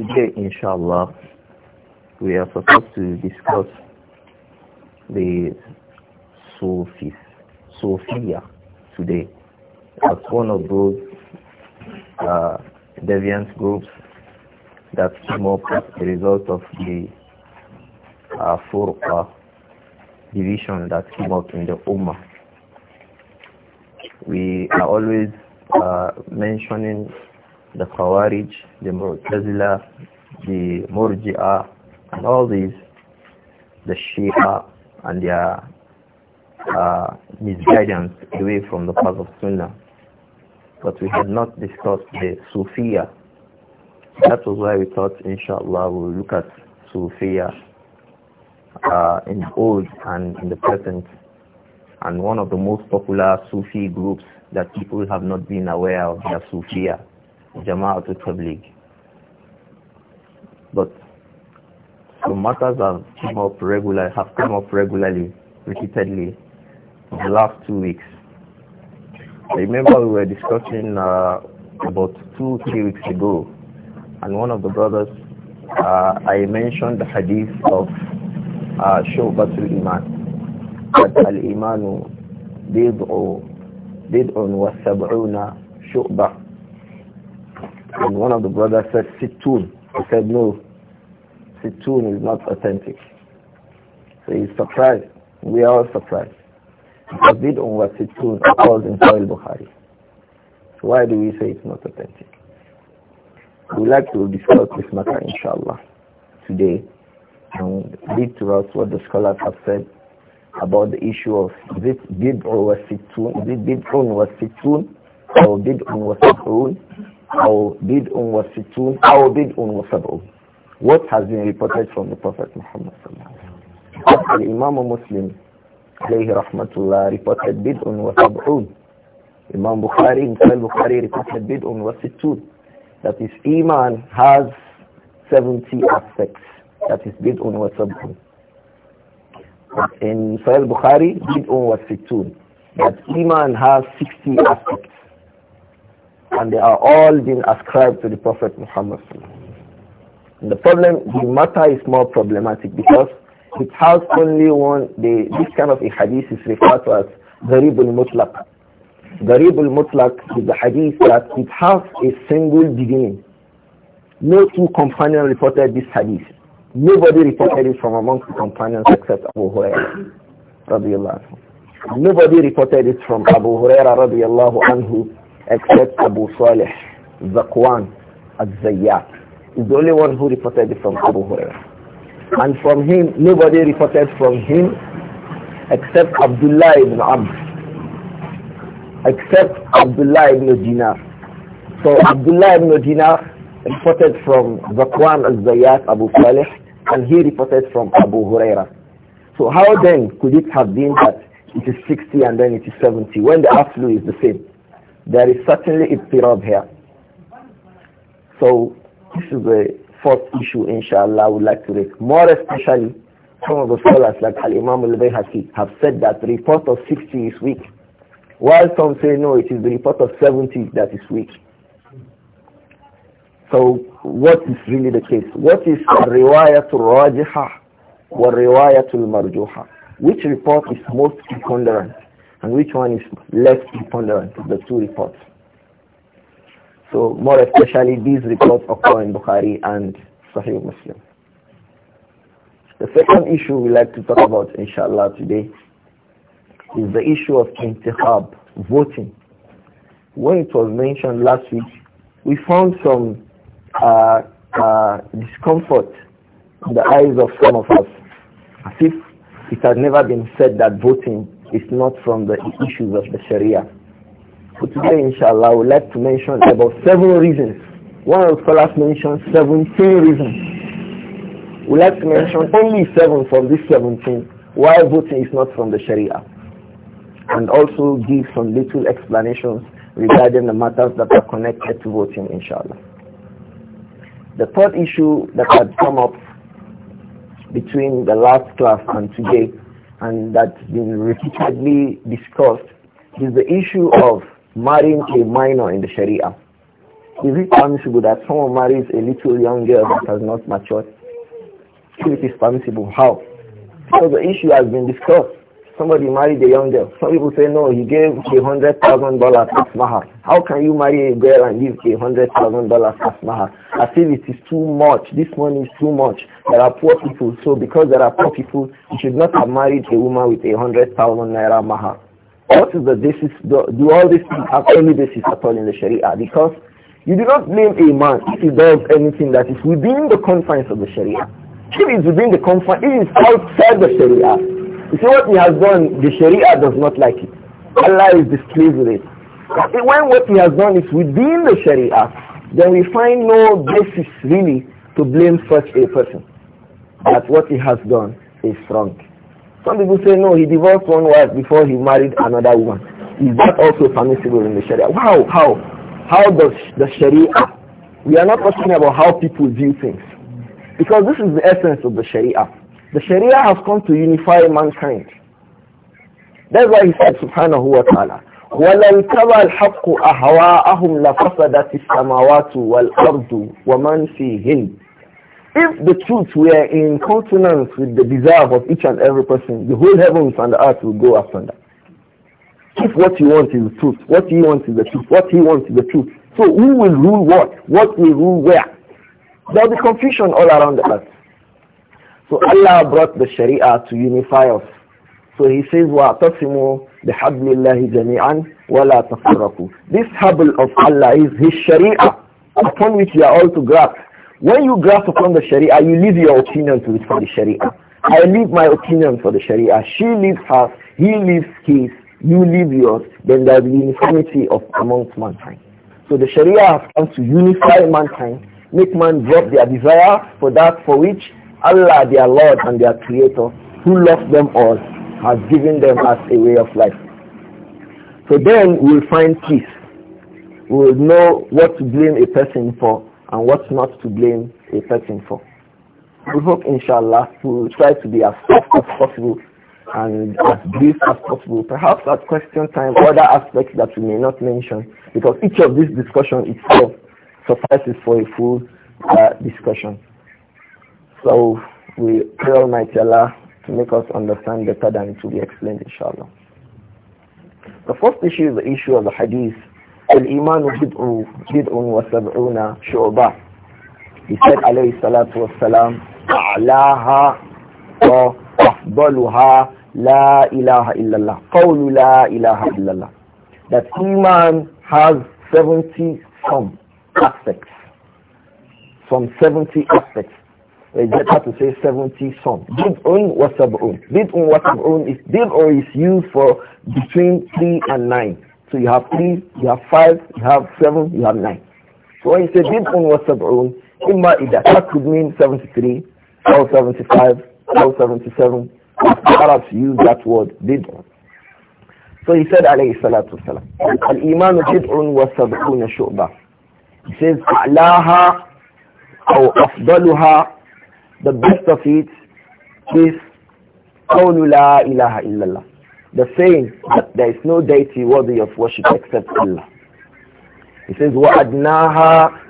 Today, inshallah, we are supposed to discuss the Sufis, Sophia today as one of those uh, deviant groups that came up as a result of the uh, four division that came up in the Ummah. We are always uh, mentioning the Khawarij, the Mu'tazila, the Murji'a, and all these, the Shia and their uh, misguidance away from the path of Sunnah. But we had not discussed the Sufiya. That was why we thought, inshallah, we'll look at Sufiya uh, in the old and in the present. And one of the most popular Sufi groups that people have not been aware of the Sufiya Jama'atul Tabligh. But some matters have come up regularly, have come up regularly, repeatedly, in the last two weeks. I remember we were discussing uh, about two, three weeks ago, and one of the brothers, uh, I mentioned the hadith of uh, Iman, that Al-Imanu bid'u, bid'un was sab'una shu'bah and one of the brothers said, Situn. He said, no, Situn is not authentic. So he's surprised. We are all surprised. Because on wa situn according in Sahih Bukhari. So why do we say it's not authentic? We'd like to discuss this matter, inshallah, today and read to us what the scholars have said about the issue of is it bid'un wa situn, was it bid'un wa situn or bid'un wa situn? أو بدء وستون أو بدء وسبعون what has been reported from the Prophet Muhammad sallallahu Imam عليه رحمة الله, reported bid'un wa Imam Bukhari himself Bukhari reported bid'un wa that is Iman has 70 aspects that is bid'un wa in Sahih Bukhari bid'un wa that Iman has 60 aspects and they are all being ascribed to the Prophet Muhammad. The problem, the matter is more problematic because it has only one, the, this kind of a hadith is referred to as Gharibul Mutlaq. Gharibul Mutlaq is the hadith that it has a single beginning. No two companions reported this hadith. Nobody reported it from amongst the companions except Abu Hurairah. Nobody reported it from Abu Hurairah except Abu Salih, Zakwan, Az-Zayyat. is the only one who reported from Abu Huraira, And from him, nobody reported from him except Abdullah ibn Amr, except Abdullah ibn Dinar. So Abdullah ibn Dinar reported from Zakwan al-Zayyat Abu Salih and he reported from Abu Huraira. So how then could it have been that it is 60 and then it is 70 when the absolute is the same? There is certainly ittirab here. So this is the fourth issue, inshallah, I would like to raise. More especially, some of the scholars like Al-Imam al-Bayhaqi have said that the report of 60 is weak, while some say no, it is the report of 70 that is weak. So what is really the case? What is riwayatul rajiha wa riwayatul marjuha? Which report is most preponderant? and which one is less preponderant of the two reports. So more especially these reports occur in Bukhari and Sahih Muslim. The second issue we like to talk about inshallah today is the issue of intihab, voting. When it was mentioned last week, we found some uh, uh, discomfort in the eyes of some of us, as if it had never been said that voting is not from the issues of the Sharia. So today, inshallah, I would like to mention about seven reasons. One of the scholars mentioned 17 reasons. We like to mention only seven from these 17 why voting is not from the Sharia. And also give some little explanations regarding the matters that are connected to voting, inshallah. The third issue that had come up between the last class and today and that's been repeatedly discussed is the issue of marrying a minor in the Sharia. Is it permissible that someone marries a little young girl that has not matured? Is it is permissible, how? So the issue has been discussed. Somebody married a young girl. Some people say, no, he gave a hundred thousand dollars as mahar. How can you marry a girl and give a hundred thousand dollars as mahar? I feel it is too much. This money is too much. There are poor people. So because there are poor people, you should not have married a woman with a hundred thousand naira mahar. What is the basis? Do, do all these things have any basis at all in the Sharia? Because you do not blame a man if he does anything that is within the confines of the Sharia. If it's within the confines, it is outside the Sharia. You see what he has done, the Sharia does not like it. Allah is displeased with it. When what he has done is within the Sharia, then we find no basis really to blame such a person. That what he has done is wrong. Some people say, no, he divorced one wife before he married another woman. Is that also permissible in the Sharia? How? How? How does the Sharia? We are not talking about how people view things. Because this is the essence of the Sharia the Sharia has come to unify mankind. That's why he said, subhanahu wa ta'ala, وَلَوْ تَبَى الْحَقُّ أَهْوَاءَهُمْ لَفَسَدَتِ السَّمَاوَاتُ وَالْأَرْضُ وَمَنْ فِيهِنْ If the truth were in consonance with the desire of each and every person, the whole heavens and the earth will go that. If what you want is the truth, what he wants is the truth, what he wants is the truth. So who will rule what? What will rule where? There will be confusion all around the earth. So Allah brought the Sharia to unify us. So he says, وَاعْتَصِمُوا بِحَبْلِ اللَّهِ جَمِيعًا وَلَا تَفَرَّقُوا This habl of Allah is his Sharia upon which you are all to grasp. When you grasp upon the Sharia, you leave your opinions for the Sharia. I leave my opinion for the Sharia. She leaves hers, he leaves his, you leave yours. Then there will be uniformity of amongst mankind. So the Sharia has come to unify mankind, make man drop their desire for that for which Allah, their Lord and their Creator, who loves them all, has given them as a way of life. So then we'll find peace. We'll know what to blame a person for and what not to blame a person for. We hope, inshallah, we'll try to be as soft as possible and as brief as possible. Perhaps at question time, other aspects that we may not mention, because each of these discussion itself suffices for a full uh, discussion. So we pray Almighty Allah to make us understand better than it will be explained inshallah. The first issue is the issue of the hadith. Al-Iman bid'un wa sab'una He said alayhi salatu wassalam, أعلاها وأفضلها لا إله إلا الله قول لا إله إلا الله that iman has 70 some aspects some 70 aspects get better to say 70 some. Bid'un wa sab'un. Bid'un wa sab'un is bid'un is used for between 3 and 9. So you have 3, you have 5, you have 7, you have 9. So when you say bid'un wa sab'un, imma that could mean 73, or 75, or 77. Arabs use that word, bid'un. So he said alayhi salatu wasalam, al-imanu bid'un wa sab'una shu'bah. He says, a'laha أو أفضلها the best of it "La ilaha illallah." The saying that there is no deity worthy of worship except Allah. He says, وَأَدْنَاهَا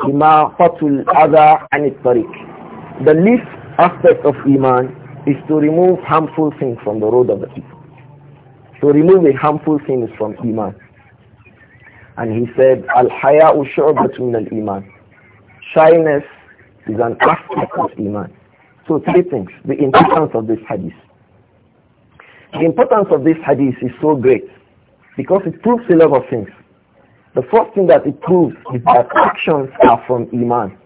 إِمَاقَةُ الْأَذَىٰ عَنِ الطَّرِيقِ The least aspect of Iman is to remove harmful things from the road of the people. To remove a harmful thing is from Iman. And he said, Al-Haya'u shu'batun al-Iman. Shyness is an aspect of Iman. So three things. The importance of this hadith. The importance of this hadith is so great because it proves a lot of things. The first thing that it proves is that actions are from Iman.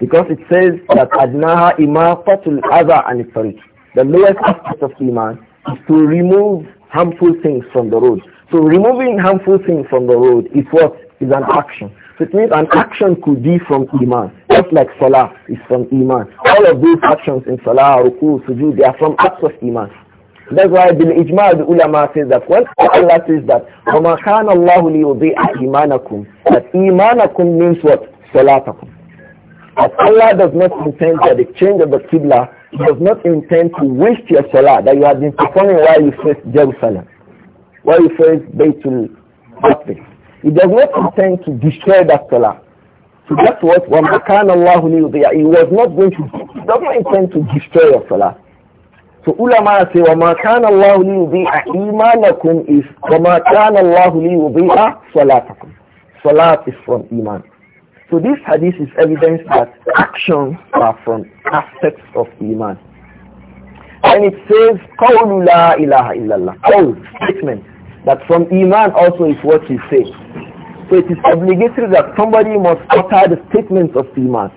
Because it says that adnaha imatatul adha anitariq. The lowest aspect of Iman is to remove harmful things from the road. So removing harmful things from the road is what? Is an action. It means an action could be from Iman, just like Salah is from Iman. All of these actions in Salah, Ruku, Sujood, they are from acts of Iman. That's why the ijma the ulama says that when Allah says that وَمَا كَانَ اللَّهُ لِيُضِيعَ إِيمَانَكُمْ that imanakum means what? Salatakum. That Allah does not intend that the change of the Qibla does not intend to waste your Salah that you have been performing while you face Jerusalem, while you face Baitul Maqdis. It does not intend to destroy that salah. So that's what وَمَكَانَ اللَّهُ لِيُضِيَ He was not going to, he does not intend to destroy your salah. So ulama say وَمَكَانَ اللَّهُ لِيُضِيَ Imanakum is وَمَكَانَ اللَّهُ لِيُضِيَ Salatakum. Salat is from iman. So this hadith is evidence that actions are from aspects of iman. And it says قَوْلُ La Ilaha Illallah." Qawl, statement. That from Iman also is what he says. So it is obligatory that somebody must utter the statements of Iman.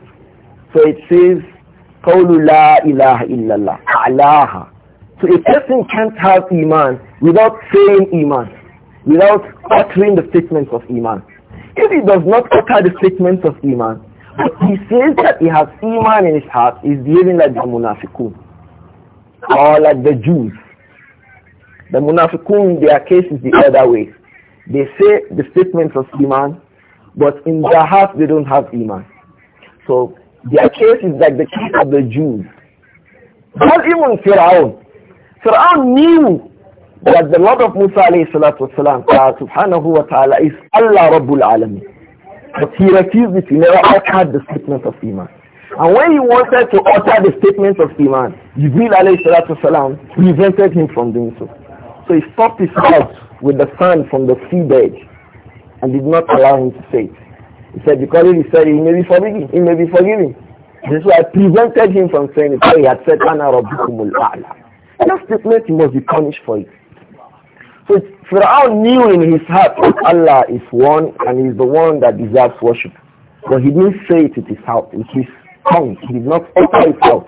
So it says, قَوْلُ لَا إِلَهَ إِلَّا اللَّهِ So a person can't have Iman without saying Iman, without uttering the statements of Iman. If he does not utter the statements of Iman, but he says that he has Iman in his heart, is behaving like the Munafiqun or like the Jews the munafiqun, their case is the other way. They say the statements of Iman, but in their heart they don't have Iman. So their case is like the case of the Jews. Not even Fir'aun. Fir'aun knew that the Lord of Musa alayhi salatu uh, subhanahu wa ta'ala, is Allah Rabbul Alamin. But he refused it. He never uttered the statement of Iman. And when he wanted to utter the statement of Iman, Jibril alayhi salatu Salam prevented him from doing so. So he stopped his mouth with the sand from the sea bed, and did not allow him to say it. He said, because he said he may be forgiven, he may be forgiven. This is why I prevented him from saying it. So he had said, Ana Rabbikumul A'la. That statement he must be punished for it. So Pharaoh knew in his heart that Allah is one and is the one that deserves worship. But he didn't say it with his heart, with his tongue. He did not utter it out.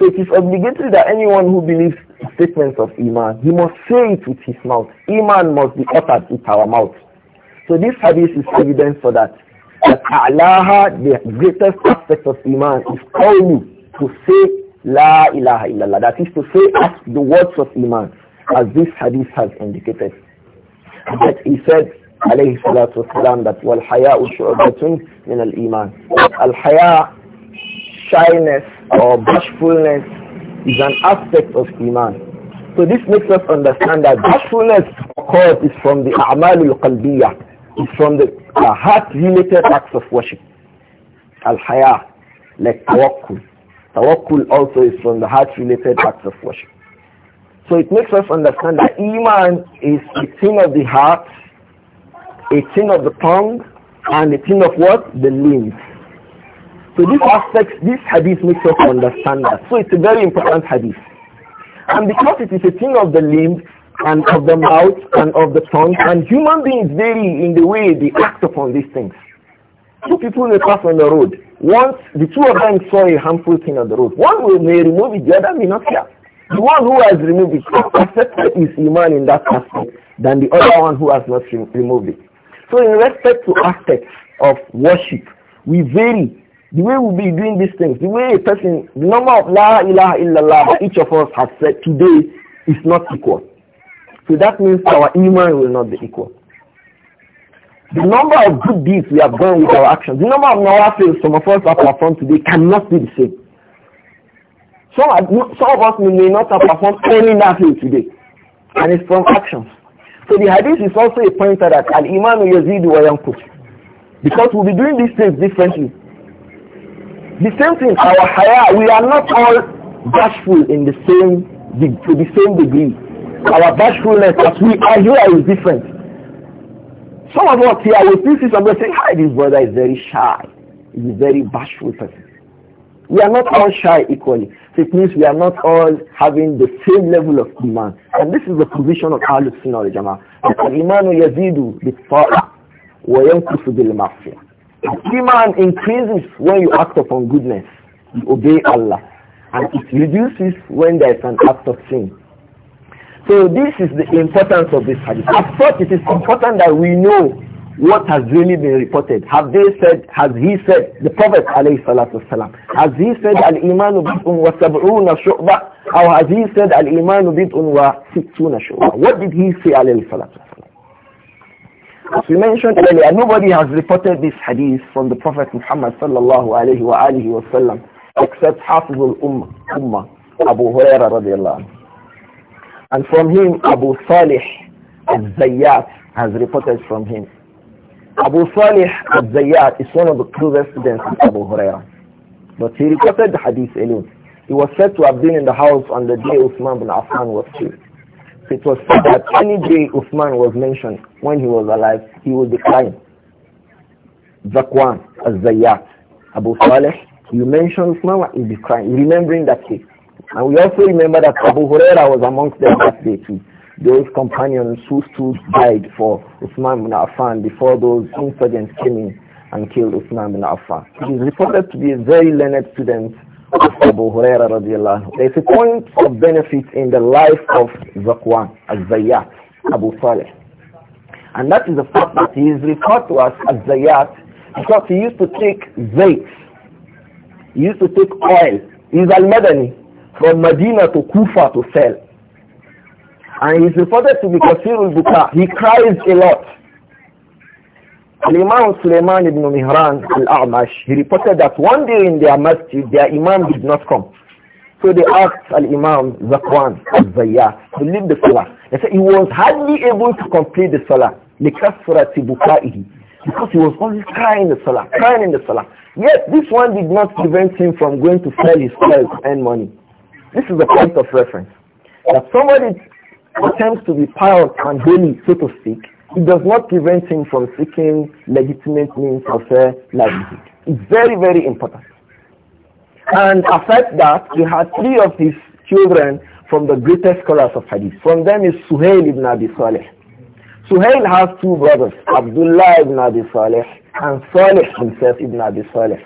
So it is obligatory that anyone who believes statements of Iman, he must say it with his mouth. Iman must be uttered with our mouth. So this hadith is evidence for that. That Allah the greatest aspect of Iman, is calling to say La ilaha illallah. That is to say ask the words of Iman, as this hadith has indicated. That he said, alayhi salatu wasalam, that wal haya'u shu'batun min al-iman. Al-haya, shyness or bashfulness is an aspect of Iman. So this makes us understand that bashfulness, of course, is from the a'malul qalbiyah. It's from the uh, heart-related acts of worship. Al-haya, like tawakkul. Tawakkul also is from the heart-related acts of worship. So it makes us understand that iman is a thing of the heart, a thing of the tongue, and a thing of what? The limbs. So this aspect, this hadith makes us understand that. So it's a very important hadith. And because it is a thing of the limbs and of the mouth and of the tongue, and human beings vary in the way they act upon these things. Two people may pass on the road. Once the two of them saw a harmful thing on the road. One will may remove it, the other may not care. The one who has removed it accepted his iman in that aspect than the other one who has not removed it. So in respect to aspects of worship, we vary the way we'll be doing these things, the way a person, the number of La ilaha illallah each of us has said today is not equal. So that means our iman will not be equal. The number of good deeds we have done with our actions, the number of nawafils some of us have performed today cannot be the same. Some, some of us may not have performed any nafil today, and it's from actions. So the hadith is also a pointer that al-imanu yazidu wa yankus. Because we'll be doing these things differently. The same thing, our haya, we are not all bashful in the same, to the same degree. Our bashfulness as we are here is different. Some of us here will see somebody say, hi, this brother is very shy. He's a very bashful person. We are not all shy equally. So it means we are not all having the same level of iman. And this is the position of Ahlul Sunnah al-Jama'ah. Al-imanu yazidu bit-ta'a wa yankusu Iman increases when you act upon goodness, you obey Allah. And it reduces when there is an act of sin. So this is the importance of this hadith. As such, it is important that we know what has really been reported. Have they said, has he said, the Prophet alayhi salatu wasalam, has he said al-imanu bid'un wa sab'una or has he said al-imanu bid'un wa sittuna What did he say alayhi salatu as we mentioned earlier, nobody has reported this hadith from the Prophet Muhammad sallallahu alayhi wa alihi wa sallam except Ummah, Ummah Abu Huraira radiallahu And from him, Abu Salih al-Zayyat has reported from him. Abu Salih al-Zayyat is one of the true residents of Abu Huraira. But he reported the hadith alone. He was said to have been in the house on the day Uthman bin Affan was killed. It was said that any day Uthman was mentioned when he was alive, he would be crying. Zakwan, Az-Zayyat, Abu Saleh, you mentioned Uthman, he'll crying, remembering that day. And we also remember that Abu Huraira was amongst them that day too. Those companions who stood died for Uthman bin Affan before those insurgents came in and killed Uthman bin Affan. He is reported to be a very learned student Abu Huraira radiallahu There's a point of benefit in the life of Zakwan, Azayat Abu Saleh. And that is the fact that he is referred to as Azayat because he used to take zayt. He used to take oil. He's Al-Madani from Medina to Kufa to sell. And he's reported to be Kasirul Buka. He cries a lot. Al-Imam Sulaiman ibn Mihran al-A'mash, he reported that one day in their masjid, their Imam did not come. So they asked Al-Imam Zakwan al-Zayyah to leave the Salah. They said he was hardly able to complete the Salah. لِكَسْرَةِ بُكَائِهِ Because he was always crying the Salah, crying in the Salah. Yet this one did not prevent him from going to sell his clothes and money. This is the point of reference. That somebody attempts to be pious and holy, so to speak, it does not prevent him from seeking legitimate means of uh, livelihood. It's very, very important. And aside that, he had three of his children from the greatest scholars of hadith. From them is Suhail ibn Abi Saleh. Suhail has two brothers, Abdullah ibn Abi Saleh and Saleh himself ibn Abi Saleh.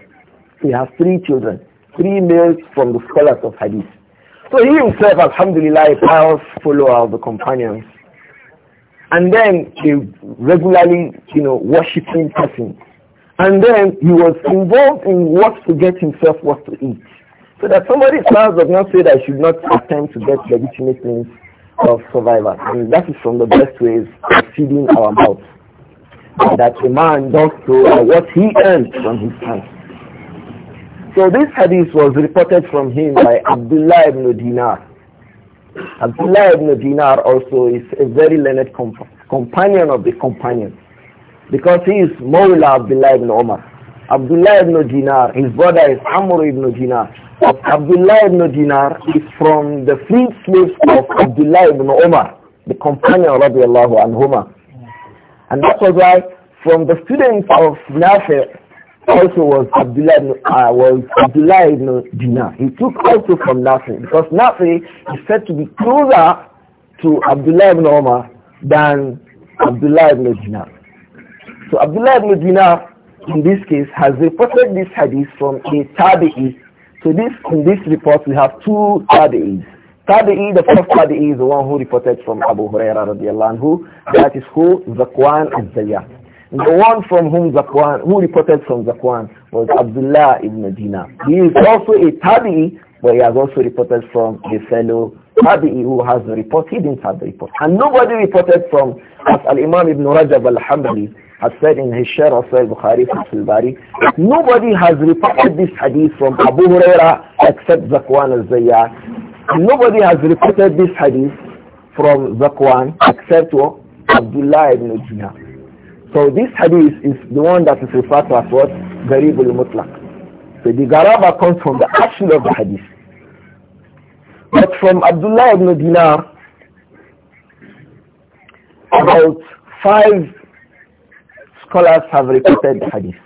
He has three children, three males from the scholars of hadith. So he himself, alhamdulillah, is a follower of the companions and then a regularly, you know, worshipping person. And then he was involved in what to get himself what to eat. So that somebody's child does not say that I should not attempt to get legitimate means of survival. And that is from the best ways of feeding our mouth. That a man does to what he earns from his hands. So this hadith was reported from him by Abdullah ibn Dinar. Abdullah ibn Dinar also is a very learned comp companion of the companions because he is Mawla Abdullah ibn Umar. Abdullah ibn Dinar, his brother is Amr ibn Dinar. Abdullah ibn Dinar is from the freed slaves of Abdullah ibn Umar, the companion of radiallahu anhuma. And that was why from the students of Nafi' also was Abdullah ibn, uh, was Abdullah ibn Dinar. He took also from Nafi because Nafi is said to be closer to Abdullah ibn Omar than Abdullah ibn Dinar. So Abdullah ibn Dinar in this case has reported this hadith from a tabi'i. So this in this report we have two tabi'is. Tabi'i, the first tabi'i is the one who reported from Abu Huraira radiallahu anhu. That is who? Zakwan al-Zayyat. The one from whom Zakwan, who reported from Zakwan was Abdullah ibn Medina. He is also a Tabi'i, but he has also reported from a fellow Tabi'i who has the report. He didn't have the report. And nobody reported from, as Al-Imam ibn Rajab al-Hambali has said in his share of Sahih al Bari, nobody has reported this hadith from Abu Huraira except Zakwan al-Zayyar. Nobody has reported this hadith from Zakwan except Abdullah ibn Medina. So this hadith is the one that is referred to as what? very al-Mutlaq. So the garaba comes from the action of the hadith. But from Abdullah ibn Dinar, about five scholars have reported the hadith.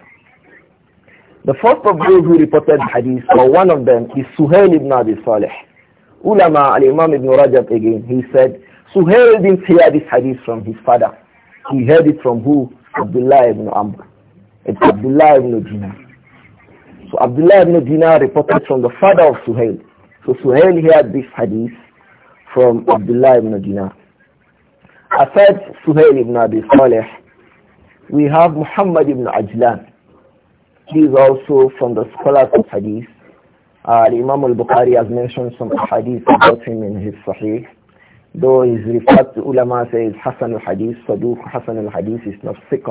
The first of those who reported the hadith, or one of them, is Suhail ibn Abi Saleh. Ulama al-Imam ibn Rajab again, he said, Suhail didn't hear this hadith from his father. He heard it from who? Abdullah ibn Amr. It's Abdullah ibn Dinar. So Abdullah ibn Dinar reported from the father of Suhail. So Suhail heard this hadith from Abdullah ibn Dinar. Asad Suhail ibn Abi Saleh, we have Muhammad ibn Ajlan. He is also from the scholars of hadith. Uh, Imam al-Bukhari has mentioned some hadith about him in his Sahih. Though he's referred to ulama says Hassan al-Hadith, Saduq Hassan al-Hadith is not sikh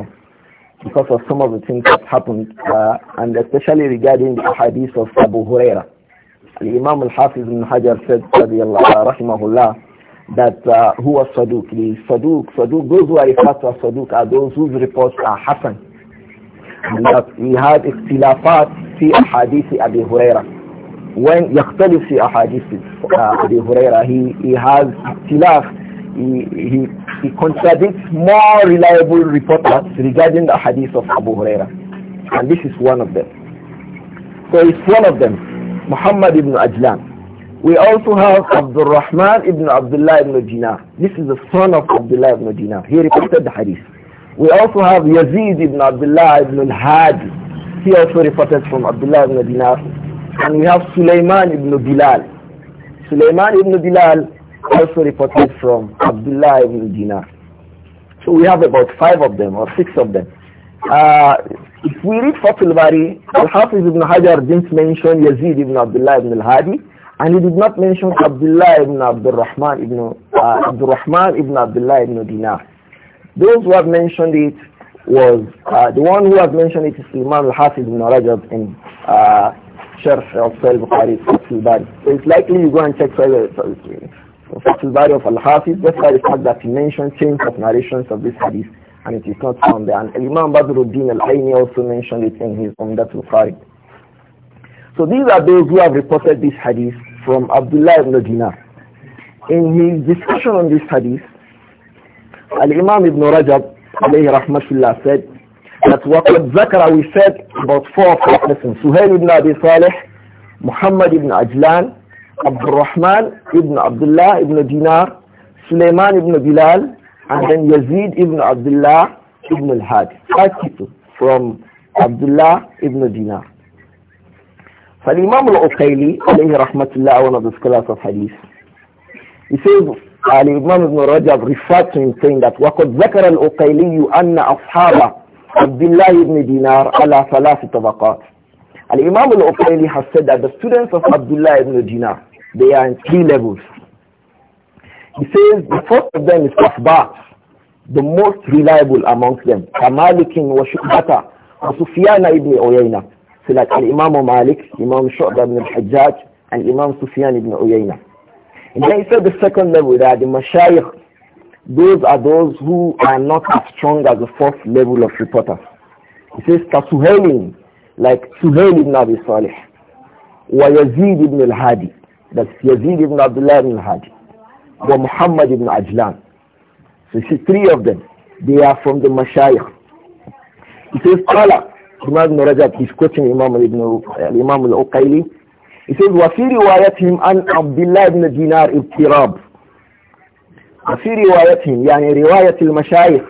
because of some of the things that happened, uh, and especially regarding the hadith of Abu Huraira. The Imam al-Hafiz ibn Hajar said, rahimahullah, that uh, who was Saduq? The Saduq, Saduq, those who are referred to as Saduq are those whose reports are Hassan. And that we had ikhtilafat fi hadith Abu Huraira when يختلف في أحاديث أبي هريرة he, he has اختلاف he, he, he contradicts more reliable reporters regarding the hadith of Abu Huraira and this is one of them so it's one of them Muhammad ibn Ajlan we also have Abdul Rahman ibn Abdullah ibn Dinar this is the son of Abdullah ibn Dinar he reported the hadith we also have Yazid ibn Abdullah ibn al-Hadi he also reported from Abdullah ibn Dinar and we have Sulaiman ibn Bilal. Sulaiman ibn Bilal also reported from Abdullah ibn Dinar. So we have about five of them or six of them. Uh, if we read Fatul Bari, Al-Hafiz ibn Hajar didn't mention Yazid ibn Abdullah ibn al-Hadi and he did not mention Abdullah ibn Abdul Rahman ibn, uh, Abdul ibn Abdullah ibn Dinar. Those who have mentioned it was, uh, the one who has mentioned it is Imam al-Hafiz ibn Rajab in uh, Sharh of Sahih Bukhari, Fatul Bari. So it's likely you go and check Sahih Fatul Bari of Al-Hafiz, just by the fact that he mentioned change of narrations of this hadith, and it is not found there. And Imam Badruddin Al-Aini also mentioned it in his Umdat Bukhari. So these are those who have reported this hadith from Abdullah ibn Dinar. In his discussion on this hadith, Al-Imam ibn Rajab alayhi rahmatullah said, that وَقَدْ ذَكَرَ we said about four of our lessons Suhail ibn Abi Salih Muhammad ibn Ajlan Abdul Rahman ibn Abdullah ibn Dinar Sulaiman ibn Bilal and then Yazid ibn Abdullah ibn al-Hadi five people from Abdullah ibn Dinar فالإمام العقيلي عليه رحمة الله one of the scholars of hadith he says الإمام ابن رجب referred to him saying that وقد ذكر العقيلي أن أصحاب Abdullah ibn Dinar ala thalath tabaqat. Al-Imam al-Uqayli has said that the students of Abdullah ibn Dinar, they are in three levels. He says the first of them is Asbat, the most reliable amongst them. Kamalikin wa Shubata wa Sufyan ibn Uyayna. So like Al-Imam Malik, Imam Shu'ba ibn al-Hajjaj, and Imam Sufyan ibn Uyayna. And then he said the second level, that the Mashayikh those are those who are not as strong as the fourth level of reporters. He says, كسهيل like Suhail ibn Abi Salih wa Yazid ibn al-Hadi that's Yazid ibn Abdullah ibn al-Hadi wa Muhammad ibn Ajlan so see three of them they are from the Mashayikh he says Qala Imam al Rajab he's quoting Imam ibn uh, Imam al-Uqayli he says wa fi riwayatihim an Abdullah ibn Dinar ibtirab وفي روايتهم يعني رواية المشايخ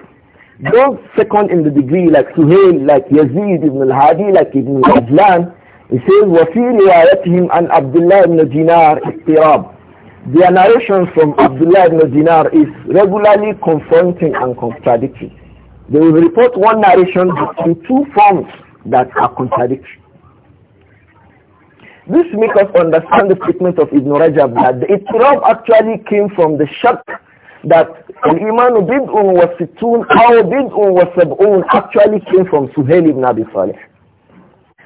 don't second in the degree like Suhail, like Yazid ibn al-Hadi, like Ibn Ajlan. He says, وَفِي رِوَايَتِهِمْ أَنْ عَبْدُ اللَّهِ ibn Dinar اِقْتِرَابٍ Their narration from Abdullah ibn Dinar is regularly confronting and contradictory. They will report one narration in two forms that are contradictory. This makes us understand the statement of Ibn Rajab that the actually came from the shak that al-iman bid'un wa sittun aw bid'un wa sab'un actually came from Suhail ibn Abi Salih.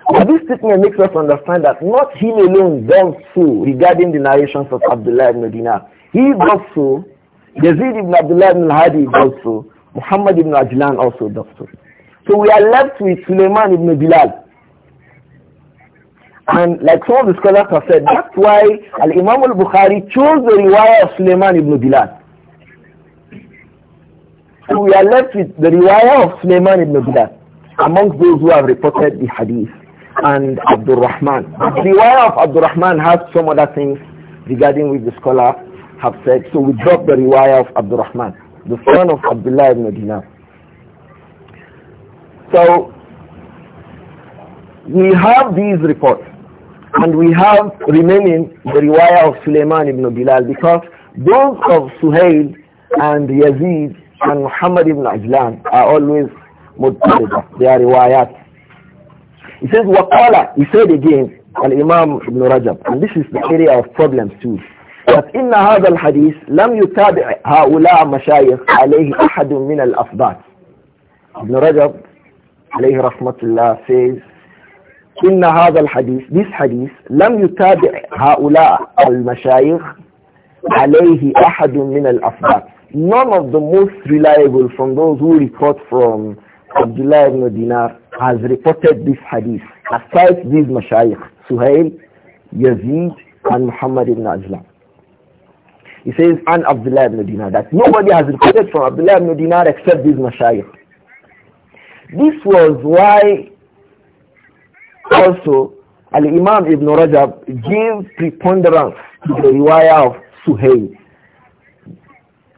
But this statement makes us understand that not him alone does so regarding the narrations of Abdullah ibn Dinar. He does so, Yazid ibn Abdullah ibn Hadi does so, Muhammad ibn Ajlan also does so. So we are left with Suleiman ibn Bilal. And like some of the scholars have said, that's why Al-Imam al-Bukhari chose the riwayah of Suleiman ibn Bilal. So we are left with the riwayah of Sulaiman ibn Bilal amongst those who have reported the hadith and Abdul Rahman. The riwayah of Abdul Rahman has some other things regarding which the scholars have said. So we drop the riwayah of Abdul Rahman, the son of Abdullah ibn Dinar. So we have these reports and we have remaining the riwayah of Sulaiman ibn Bilal because those of Suhail and Yazid and Muhammad ibn Ajlan are always mutalib. They are riwayat. He says, Waqala, he said again, Al-Imam Ibn Rajab, and this is the area of problems too, that in هذا الحديث لم يتابع هؤلاء مشايخ عليه أحد من الأفضات. Ibn Rajab, عليه رحمة الله, says, إن هذا الحديث, this hadith, لم يتابع هؤلاء المشايخ عليه أحد من الأفضات. none of the most reliable from those who report from Abdullah ibn Dinar has reported this hadith aside these mashayikh, Suhail, Yazid, and Muhammad ibn Ajlan. He says, and Abdullah ibn Dinar, that nobody has reported from Abdullah ibn Dinar except these mashayikh. This was why also Al-Imam ibn Rajab gave preponderance to the riwayah of Suhail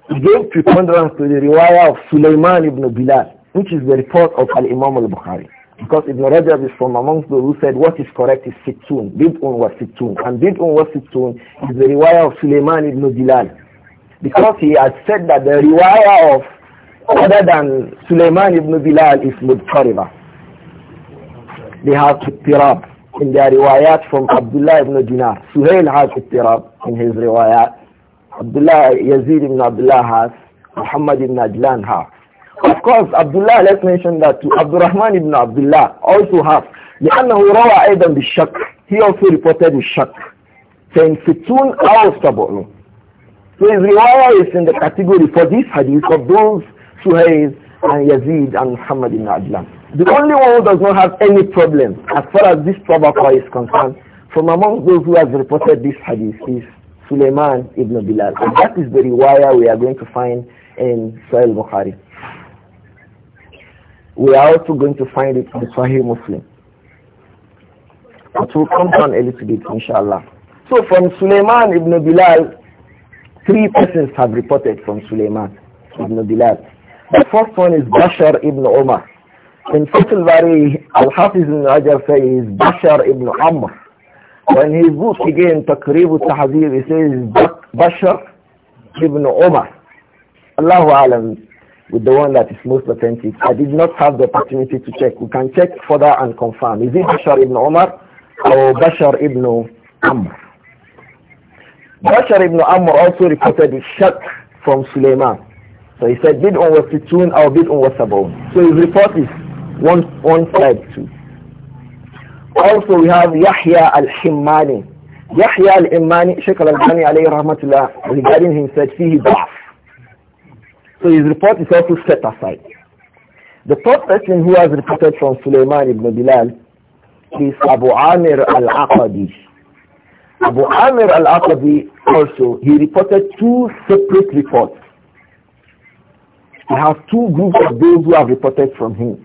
he gave preponderance to the riwayah of Sulaiman ibn Bilal, which is the report of Al-Imam al-Bukhari. Because Ibn Rajab is from amongst those who said what is correct is Sittun, Bid'un was Sittun. And Bid'un was Sittun is the riwayah of Sulaiman ibn Bilal. Because he had said that the riwayah of other than Sulaiman ibn Bilal is Mudqariba. They have Ittirab in their riwayat from Abdullah ibn Dinar. Suhail has Ittirab in his riwayat. Abdullah Yazid ibn Abdullah has, Muhammad ibn Ajlan has. Of course, Abdullah, let's mention that to Abdurrahman ibn Abdullah also has. لأنه روى أيضا بالشك. He also reported the shak. Saying, ستون أو سبعون. So his riwayah is in the category for this hadith of those Suhayz and Yazid and Muhammad ibn Ajlan. The only one who does not have any problem as far as this probaqa is concerned from among those who has reported this hadith is Suleiman ibn Bilal. And that is the riwayah we are going to find in Sahih Bukhari. We are also going to find it in Sahih Muslim. But we'll come down a little bit, inshallah. So from Suleiman ibn Bilal, three persons have reported from Suleiman ibn Bilal. The first one is Bashar ibn Umar. In Fatul Bari, Al-Hafiz ibn Hajar says Bashar ibn Umar. When his book again, Taqrib al-Tahzir, he says Bashar ibn Umar. Allahu Alam with the one that is most authentic. I did not have the opportunity to check. We can check further and confirm. Is it Bashar ibn Umar or Bashar ibn Amr? Bashar ibn Amr also reported the shak from Suleiman. So he said, bid'un was situn or bid'un was sabun. So his report is one, one side two. Also we have Yahya al-Himmani. Yahya al-Himmani, Sheikh al-Albani alayhi rahmatullah, regarding him said, fihi da'af. So his report is also set aside. The third person who has reported from Sulaiman ibn Bilal is Abu Amir al-Aqadi. Abu Amir al-Aqadi also, he reported two separate reports. We have two groups of those who have reported from him.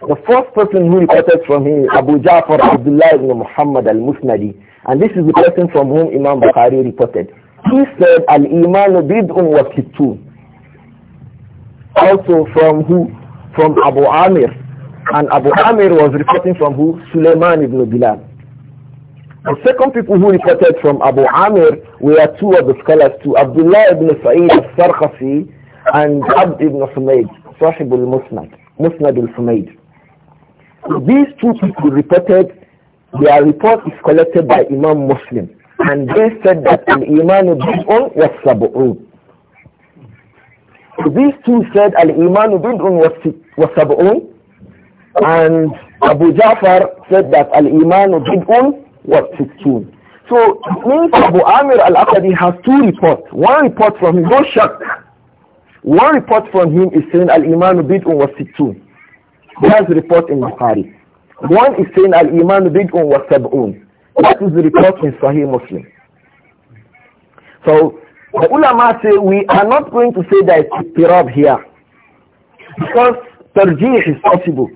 The first person who reported from him Abu Ja'far Abdullah ibn Muhammad al-Musnadi. And this is the person from whom Imam Bukhari reported. He said, Al-Iman bid'un wa kittun. Also from who? From Abu Amir. And Abu Amir was reporting from who? Suleiman ibn Bilal. The second people who reported from Abu Amir were two of the scholars too, Abdullah ibn Sa'id al-Sarqasi and Abd ibn Humayd, Sahib al-Musnad, Musnad al-Humayd these two people reported, their report is collected by Imam Muslim. And they said that Al-Imanu Bid'un was Sab'un. So these two said al Iman Bid'un was Sab'un. And Abu Ja'far said that al Iman Bid'un was Sittun. So it means Abu Amir al Akadi has two reports. One report from him own shak. One report from him is saying al Iman Bid'un was Sittun. That's the report in Bukhari. One is saying al-iman bid'un wa sab'un. That is the report in Sahih Muslim. So the ulama say we are not going to say that it's pirab here. Because tarjih is possible.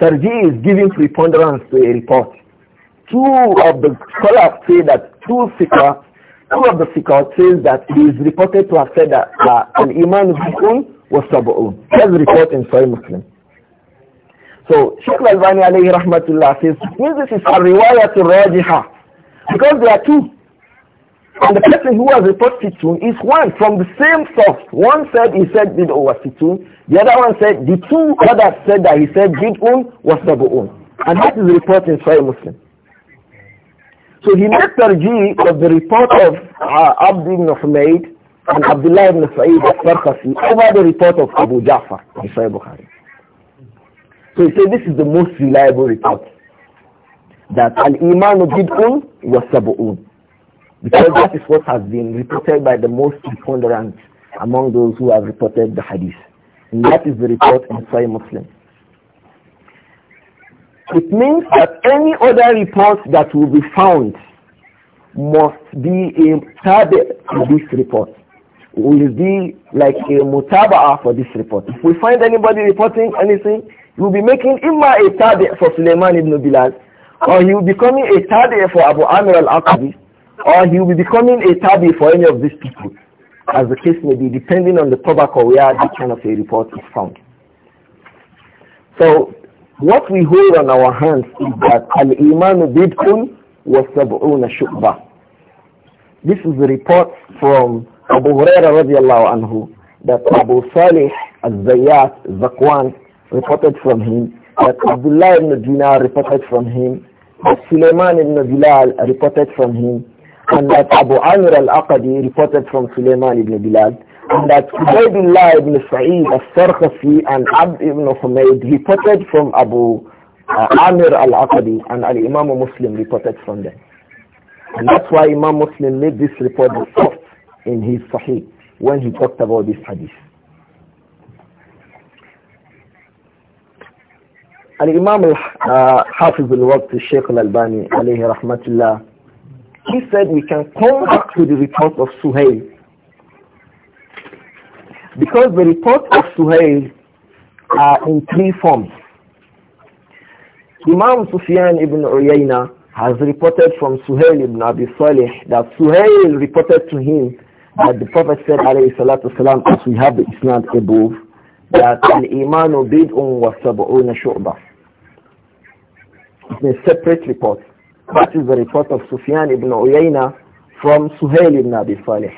Tarjih is giving preponderance to a report. Two of the scholars say that two sikha, two of the sikha say that he is reported to have said that uh, an iman bid'un was sab'un. That's the report in Sahih Muslim. So Sheikh Al-Bani alayhi rahmatullah says, since this is a riwayat rajiha, because there are two, and the person who has reported situn is one from the same source. One said he said bid'un was situn, the other one said, the two others said that he said bid'un was sabu'un. And that is the report in Sahih Muslim. So he made tarjih of the report of uh, Abd ibn Humayd and Abdullah ibn Sa'id al-Farqasi over the report of Abu Ja'far in Sahih Bukhari. So he said this is the most reliable report that al-imanu bid'un was sab'un. Because that is what has been reported by the most preponderant among those who have reported the hadith. And that is the report in Sahih Muslim. It means that any other report that will be found must be a tabi to this report. Will be like a mutaba'a for this report. If we find anybody reporting anything, he will be making a tabi' for Suleiman ibn Bilal, or he will be becoming a tabi' for Abu Amir al-Aqabi, or he will be becoming a tabi' for any of these people, as the case may be, depending on the or where the kind of a report is found. So, what we hold on our hands is that al-imanu bid'un wa sab'una shu'bah. This is the report from Abu Huraira radiallahu anhu that Abu Salih al-Zayyat Zakwan reported from him, that Abdullah ibn Dinar reported from him, that Suleiman ibn Bilal reported from him, and that Abu Amir al-Aqadi reported from Suleiman ibn Bilal, and that Ubaidullah ibn Sa'id al-Sarqafi and Abd ibn Humayd reported from Abu uh, Amir al-Aqadi and al-Imam Muslim reported from them. And that's why Imam Muslim made this report the first in his Sahih when he talked about this hadith. And Imam al-Hafiz uh, al-Waqt Sheikh al-Bani, alayhi rahmatullah, he said we can come back to the report of Suhail. Because the report of Suhail are in three forms. Imam Sufyan ibn Uyayna has reported from Suhail ibn Abi Salih that Suhail reported to him that the Prophet said alayhi salatu salam as we have the Islam above that al-imanu bid'un wa sab'una shu'bah it's a separate report. That is the report of Sufyan ibn Uyayna from Suhail ibn Abi Saleh.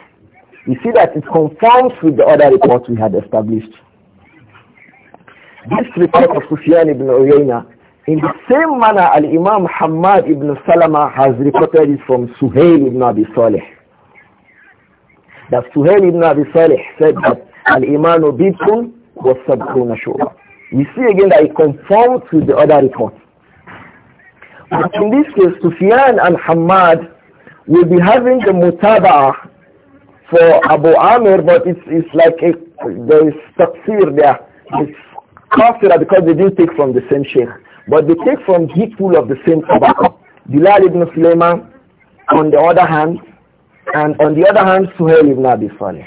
You see that it conforms with the other reports we had established. This report of Sufyan ibn Uyayna, in the same manner Al-Imam Hamad ibn Salama has reported it from Suhail ibn Abi Saleh. That Suhail ibn Abi Saleh said that Al-Imanu bitun was sabkuna shura. You see again that it conforms with the other reports in this case, Sufyan and Hamad will be having the mutaba'ah for Abu Amir, but it's, it's like a, there is tafsir there. It's kafira because they didn't take from the same sheikh. But they take from people of the same tabaqah. Bilal ibn Sulaiman on the other hand, and on the other hand, Suhail ibn Abi Saleh.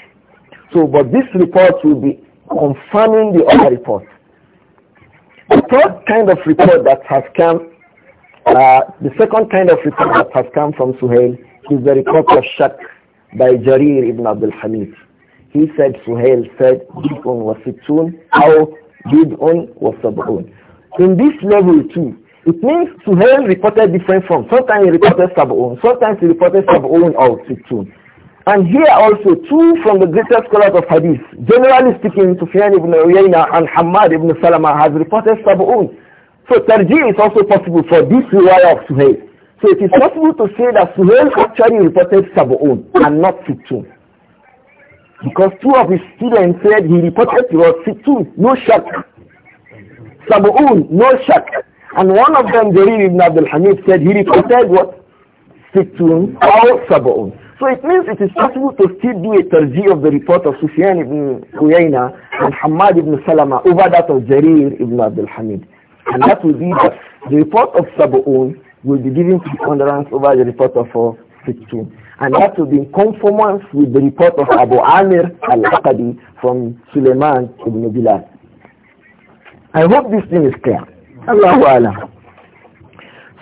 So, but this report will be confirming the other report. The third kind of report that has come uh, the second kind of report that has come from Suhail is the report of Shak by Jarir ibn Abdul Hamid. He said, Suhail said, Bid'un wa situn, aw bid'un wa sab'un. In this level too, it means Suhail reported different forms. Sometimes he reported sab'un, sometimes he reported sab'un or situn. And here also, two from the greatest scholars of hadith, generally speaking, Sufyan ibn Uyayna and Hamad ibn Salama has reported sab'un. So tarjih is also possible for this riwayah of Suhail. So it is possible to say that Suhail actually reported Sabu'un and not Sittun. Because two of his students said he reported to us Sittun, no shak. Sabu'un, no shak. And one of them, Jarir ibn Abdul Hamid, said he reported what? Sittun or Sabu'un. So it means it is possible to still do a tarjih of the report of Sufyan ibn Uyayna and Hamad ibn Salama over that of Jarir ibn Abdul Hamid. And that will be that the report of Sabu'un will be given preponderance over the report of uh, 16. And that will be in conformance with the report of Abu Amir al-Aqadi from Suleiman ibn Bilal. I hope this thing is clear. Allahu Alam.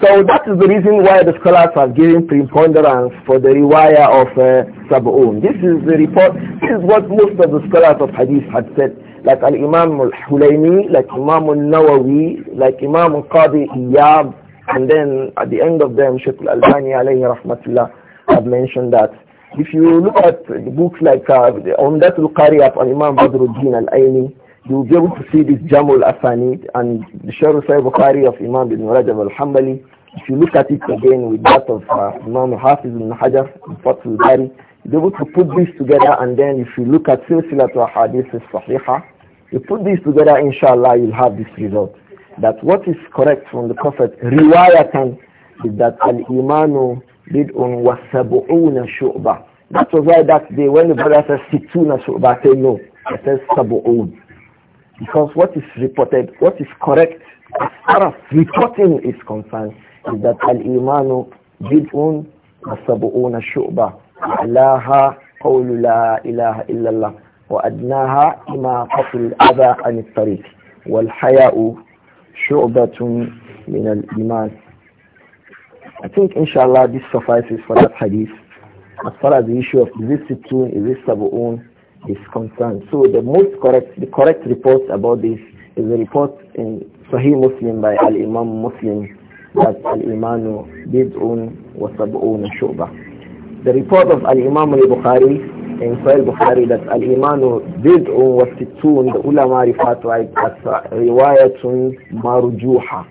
So that is the reason why the scholars have given preponderance for the riwayah of uh, This is the report, this is what most of the scholars of hadith had said like Al-Imam Al-Hulaymi, like Imam Al-Nawawi, like Imam Qadi Iyab, and then at the end of them, Sheikh Al-Albani alayhi rahmatullah have mentioned that. If you look at books like uh, that al-Qari of Imam Badruddin al-Aini, you will be able to see this Jamul Asanid and the Sharif al-Bukhari of Imam Ibn Rajab al-Hambali. If you look at it again with that of uh, Imam Hafiz ibn Hajar, Fath bari you'll be able to put this together and then if you look at Silsilat al-Hadith al-Sahiha, you put these together, inshallah, you'll have this result. That what is correct from the Prophet, riwayatan, is that al-imanu bid'un wa sab'una shuba That was why that day when the brother says situna shu'bah, I say no, I says sab'un. Because what is reported, what is correct, as far as reporting is concerned, is that al-imanu bid'un wa sab'una shu'bah. Allaha qawlu la ilaha illallah. وأدناها الأذى عن الطريق والحياء شعبة من الإيمان I think inshallah this suffices for that hadith as far as the issue of is this situn, is this sabu'un is concerned. So the most correct, the correct report about this is the report in Sahih Muslim by Al-Imam Muslim that Al-Imanu bid'un wa sab'un shu'bah. The report of Al-Imam al-Bukhari in Sahih Bukhari that al-imanu bid'un wa sittun, the ulama refer to it as riwayatun marjuha.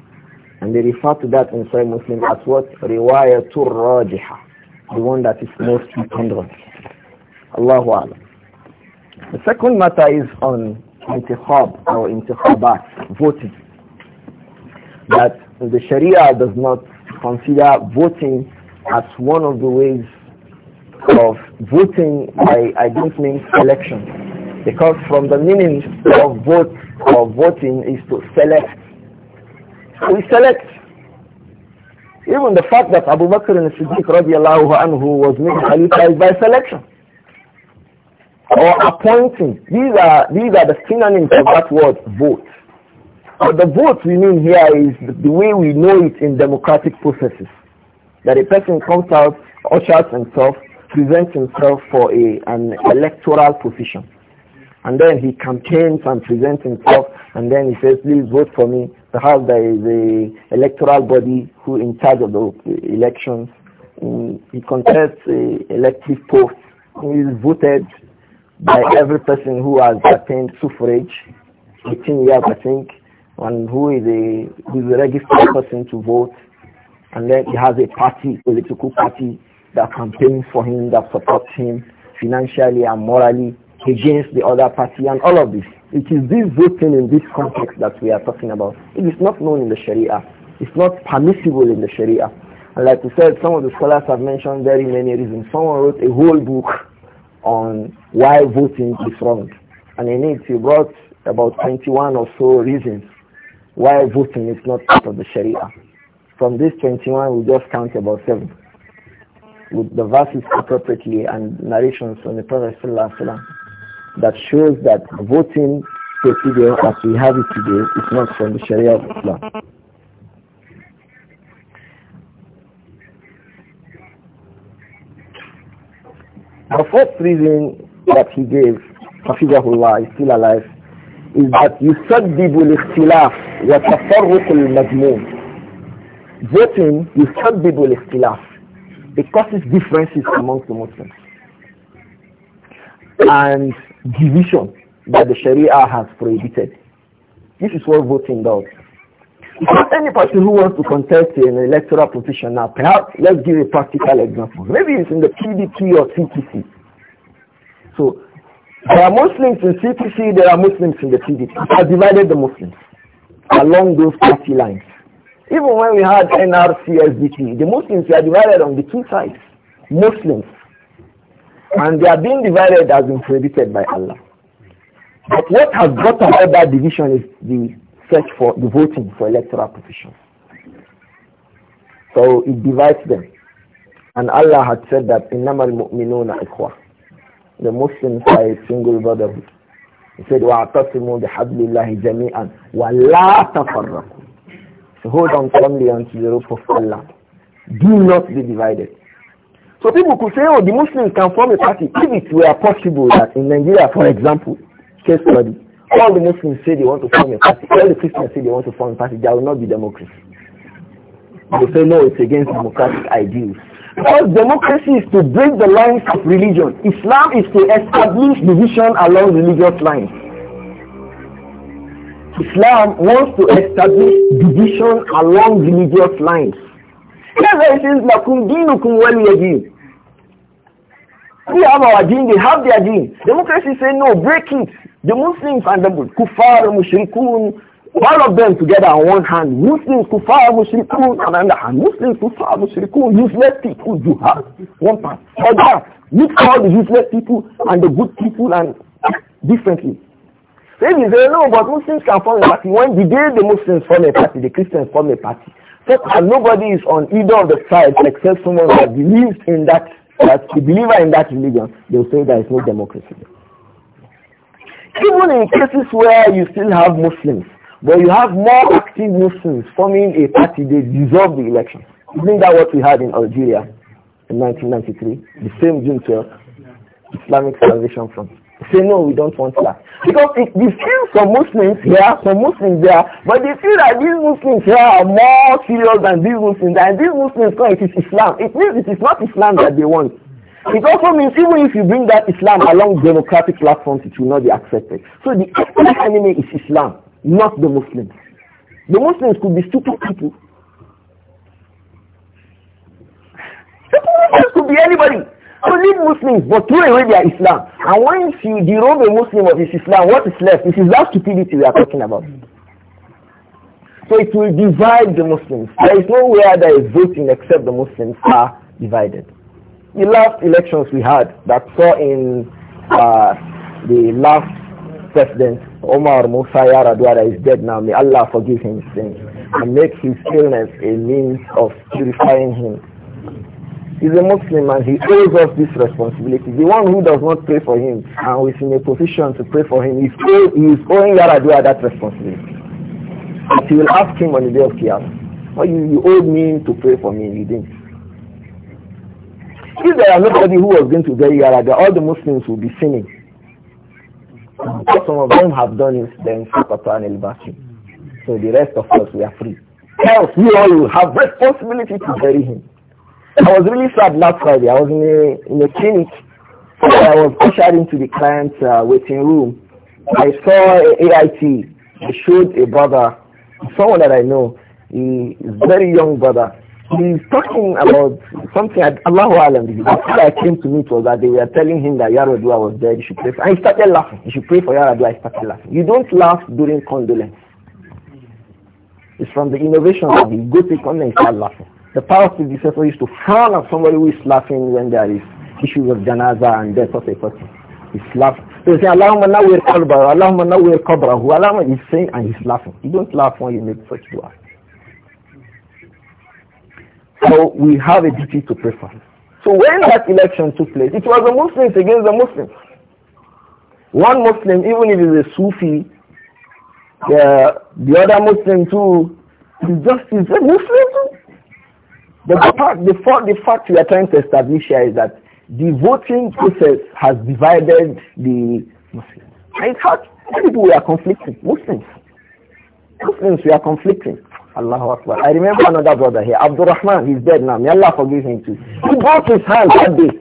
And they refer to that in Sahih Muslim as what? Riwayatul rajiha. The one that is most dependent. Allahu Alam. The second matter is on intikhab or intikhabat, voting. That the Sharia does not consider voting as one of the ways of voting, I, I don't mean selection. Because from the meaning of vote or voting is to select. We select. Even the fact that Abu Bakr and Siddiq radiallahu anhu was made Khalifa is by selection. Or appointing. These are, these are the synonyms of that word vote. But the vote we mean here is the way we know it in democratic processes. That a person comes out, ushers himself, presents himself for a, an electoral position. And then he campaigns and presents himself and then he says, please vote for me. Perhaps there is a electoral body who in charge of the elections. He contests elective post. He is voted by every person who has attained suffrage, 18 years I think, and who is a, who is a registered person to vote. And then he has a party, political party that campaign for him, that supports him financially and morally against the other party and all of this. It is this voting in this context that we are talking about. It is not known in the Sharia. It's not permissible in the Sharia. And like we said, some of the scholars have mentioned very many reasons. Someone wrote a whole book on why voting is wrong. And in it, he brought about 21 or so reasons why voting is not part of the Sharia. From these 21, we just count about seven with the verses appropriately and narrations from the Prophet that shows that voting procedure as we have it today is not from the Sharia of Islam. The fourth reason that he gave, Hafizahullah is still alive, is that you يسبب الاختلاف وتفرق المذموم. Voting يسبب الاختلاف. The causes differences amongst the Muslims and division that the Sharia has prohibited. This is what voting does. Because any person who wants to contest an electoral position now, perhaps let's give a practical example. Maybe it's in the PDP or CTC. So there are Muslims in CTC, there are Muslims in the PDP. I divided the Muslims along those party lines. Even when we had NRCSDP, the Muslims were divided on the two sides. Muslims. And they are being divided as been prohibited by Allah. But what has brought about that division is the search for the voting for electoral positions. So it divides them. And Allah had said that innamal mu'minuna ikhwa. The Muslims are a single brotherhood. He said, وَاعْتَصِمُوا بِحَبْلِ اللَّهِ جَمِيعًا وَلَا تَفَرَّقُوا so hold on firmly onto the rope of Allah. Do not be divided. So people could say, oh, the Muslims can form a party if it were possible that in Nigeria, for example, case study, all the Muslims say they want to form a party, all the Christians say they want to form a party, there will not be democracy. They say, no, it's against democratic ideals. Because democracy is to break the lines of religion. Islam is to establish division along religious lines. Islam wants to establish division along religious lines. That's We have our deen, they have their deen. Democracy say no, break it. The Muslims and the kuffar, mushrikun, all of them together on one hand. Muslims, Kufar, mushrikun, on the hand. Muslims, Kufar, mushrikun, useless people, you have one part. All that, mix all the useless people and the good people and differently you say no, but Muslims can form a party. When the day the Muslims form a party, the Christians form a party. So and nobody is on either of the sides except someone that believes in that, that the believer in that religion, they'll say there is no democracy. Even in cases where you still have Muslims, but you have more active Muslims forming a party, they dissolve the election. Isn't that what we had in Algeria in 1993? The same June Islamic Salvation Front say no, we don't want that. Because it feel some Muslims here, some Muslims there, but they feel that these Muslims here are more serious than these Muslims, and these Muslims come, it is Islam. It means it is not Islam that they want. It also means even if you bring that Islam along democratic platforms, it will not be accepted. So the enemy is Islam, not the Muslims. The Muslims could be stupid people. The Muslims could be anybody. Only Muslims, but throw away their Islam. And once you derobe a Muslim of his Islam, what is left? This is that stupidity we are talking about. So it will divide the Muslims. There is nowhere that is voting except the Muslims are divided. The last elections we had that saw in uh, the last president, Omar Musa Yaradwara is dead now. May Allah forgive him sins and make his illness a means of purifying him He's a Muslim and he owes us this responsibility. The one who does not pray for him and is in a position to pray for him, is is owing Yaradua that responsibility. But he will ask him on the day of Qiyamah, why oh, you, you owed me to pray for me, you didn't. If there are nobody who was going to bury Yaradua, all the Muslims will be sinning. some of them have done it then Sukata and Elbasi. So the rest of us, we are free. Else, we all will have responsibility to bury him. I was really sad last Friday. I was in a, in a clinic. I was ushered into the client's uh, waiting room. I saw a AIT. I showed a brother, someone that I know. He is very young brother. He's talking about something. Allahu Alam. The thing that came to me was that they were telling him that Yaradua was dead. You should pray. For, and he started laughing. You should pray for Yaradua. I started laughing. You don't laugh during condolence. It's from the innovation. You go to condolence and start laughing. The past predecessor used to frown at somebody who is laughing when there is issues of janaza and death of a person. He's laughing. So say, Allahumma nawir qalbahu, Allahumma kabra, who Allahumma, is saying and he's laughing. You don't laugh when you make such dua. So we have a duty to pray for him. So when that election took place, it was the Muslims against the Muslims. One Muslim, even if he's a Sufi, the, uh, the other Muslim too, is just is a Muslim too. But the, fact, the, fact, the fact we are trying to establish here is that the voting process has divided the Muslims. And in fact, people we are conflicting, Muslims. Muslims, we are conflicting. Allahu Akbar. I remember another brother here, Abdul Rahman, he's dead now. May Allah forgive him too. He broke his hand that day.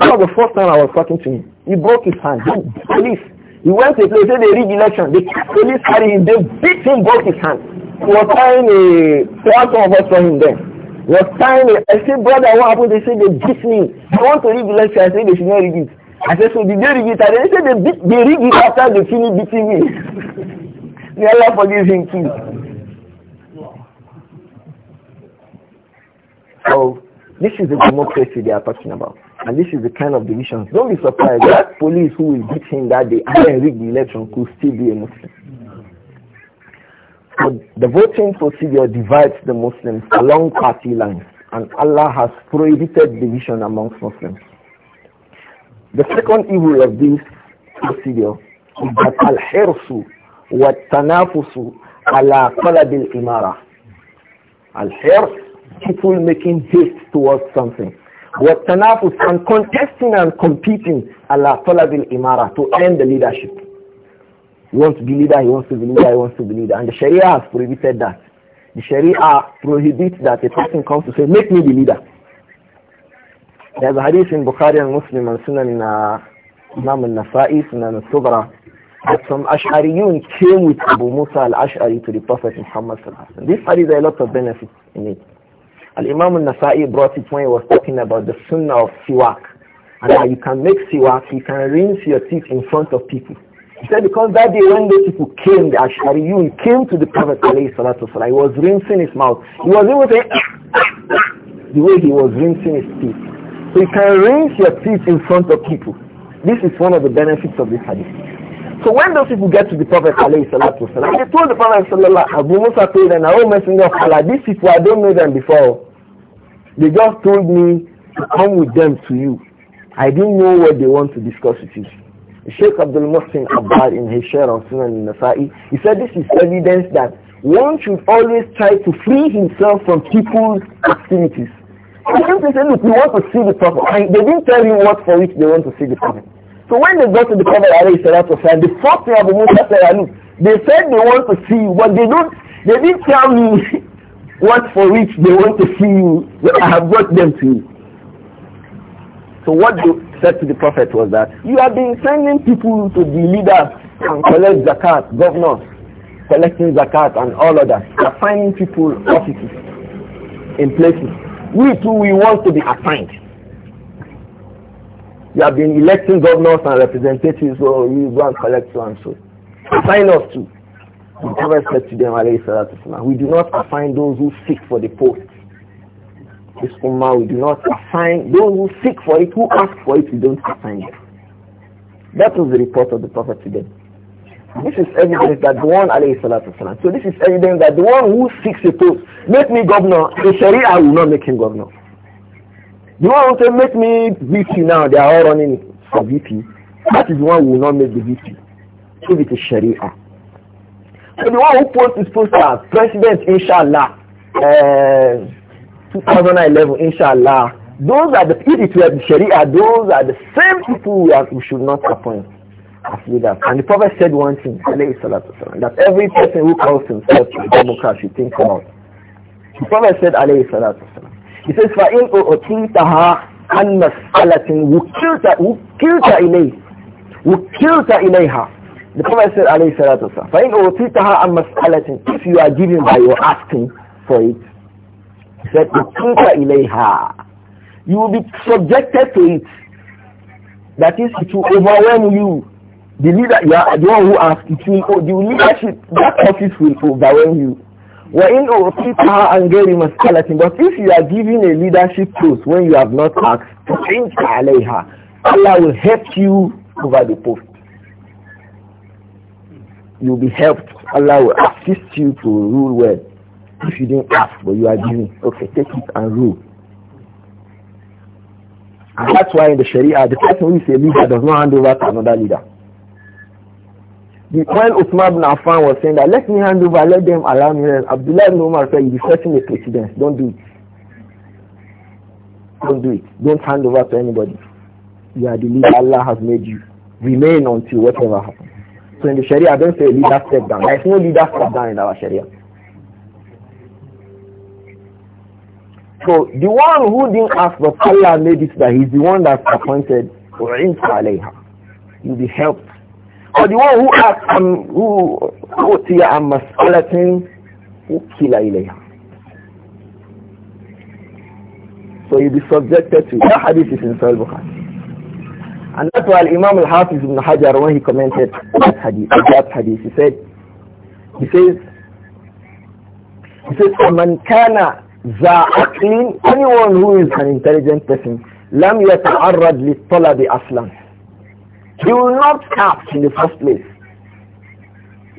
That was the first time I was talking to him. He broke his hand. police. He went to a place, they rigged election. The police carried him, they beat him, broke his hand. He was trying a platform of us for him then was time? I say, brother, what happened? They say they beat me. I want to read the lecture. I said they should not read it. I said, so did they read it? And they said they, beat, they read it after they finish beating me. May Allah forgive him too. So this is the democracy they are talking about. And this is the kind of divisions. Don't be surprised that police who will beat him that day and then rig the election could still be a Muslim. So the voting procedure divides the Muslims along party lines and Allah has prohibited division amongst Muslims. The second evil of this procedure is that al-hirsu wa tanafusu ala qalab al-imara. Al-hirs, people making haste towards something. Wa tanafus and contesting and competing ala qalab al-imara to end the leadership. He wants to be leader, he wants to be leader, he wants to be leader. And the Sharia has prohibited that. The Sharia prohibits that a person comes to say, make me the leader. There's a hadith in Bukhari and Muslim and Sunan in uh, Imam al-Nasa'i, Sunan al-Sughra, that some Ash'ariyun came with Abu Musa al-Ash'ari to the Prophet Muhammad sallallahu alaihi wasallam. This hadith has a lot of benefits in it. Al-Imam al-Nasa'i brought it when he was talking about the sunnah of siwak. And how you can make siwak, you can rinse your teeth in front of people. He said, because that day when those people came, the Ashariyun came to the Prophet alayhi he was rinsing his mouth. He was even the way he was rinsing his teeth. So you can rinse your teeth in front of people. This is one of the benefits of this hadith. So when those people get to the Prophet alayhi they told the Prophet sallallahu Abu Musa told them, oh messenger of Allah, these people, I don't know them before. They just told me to come with them to you. I didn't know what they want to discuss with you. Sheikh Abdul Muhsin in his share of Sunan al-Nasa'i, he said this is evidence that one should always try to free himself from people's activities. He simply say, look, we want to see the Prophet. And they didn't tell him what for which they want to see the Prophet. So when they got to the Prophet, alayhi salatu the first thing Abu Musa said, look, they said they want to see you, but they don't, they didn't tell me what for which they want to see you, I have brought them to you. So what they said to the Prophet was that, you have been sending people to the leaders and collect zakat, governors, collecting zakat and all of that. You are finding people offices in places. We too, we want to be assigned. You have been electing governors and representatives, so you go and collect so and so. Assign us too. The Prophet said to them, we do not assign those who seek for the post this ummah, we do not assign, those who seek for it, who ask for it, we don't assign it. That was the report of the Prophet today. This is evidence that the one, alayhi salatu salam. So this is evidence that the one who seeks a post, make me governor, the Sharia will not make him governor. The one who says, make me VP now, they are all running for VP. That is the one who will not make the VP. So it is Sharia. So the one who posts his poster, President, inshallah, uh, 2011, inshallah, those are the, if it were the Sharia, those are the same people we, are, we should not appoint as leaders. And the Prophet said one thing, that every person who calls himself a democrat should think about. The Prophet said, alayhi salatu he says, فَإِنْ أُعْتِيتَهَا عَنْ مَسْأَلَةٍ وُكِّلْتَ إِلَيْهِ وُكِّلْتَ إِلَيْهَا the Prophet said, alayhi salatu wasalam, فَإِنْ أُعْتِيتَهَا عَنْ مَسْأَلَةٍ If you are given by your asking for it, said, ilayha. You will be subjected to it. That is, it will overwhelm you. The leader, you are the one who asked, it will, oh, the leadership, that office will overwhelm you. وَإِنْ أُعْطِيتَهَا عَنْ غَيْرِ مَسْأَلَةٍ But if you are giving a leadership post when you have not asked, فَإِنْتَ عَلَيْهَا Allah will help you over the post. You'll be helped. Allah will assist you to rule well. If you didn't ask, but you are giving, okay, take it and rule. And that's why in the Sharia, the person who is a leader does not hand over to another leader. when Uthman bin Affan was saying that, let me hand over, let them allow me, Abdullah ibn Umar said, you are be setting the precedence. Don't do it. Don't do it. Don't hand over to anybody. You are the leader Allah has made you. Remain until whatever happens. So in the Sharia, I don't say leader step down. There is no leader step down in our Sharia. So the one who didn't ask but Allah made it that he's the one that appointed You'll be helped. Or the one who asked um, who Utiya and Masalatin kill ilayha. So you'll be subjected to that hadith is in Sahih Bukhari. And that's why Imam al-Hafiz ibn Hajar when he commented that hadith, that hadith he said he says he says وَمَنْ كَانَ Za'aqlin, anyone who is an intelligent person, lam yata'arrad li talabi aslan. He will not act in the first place.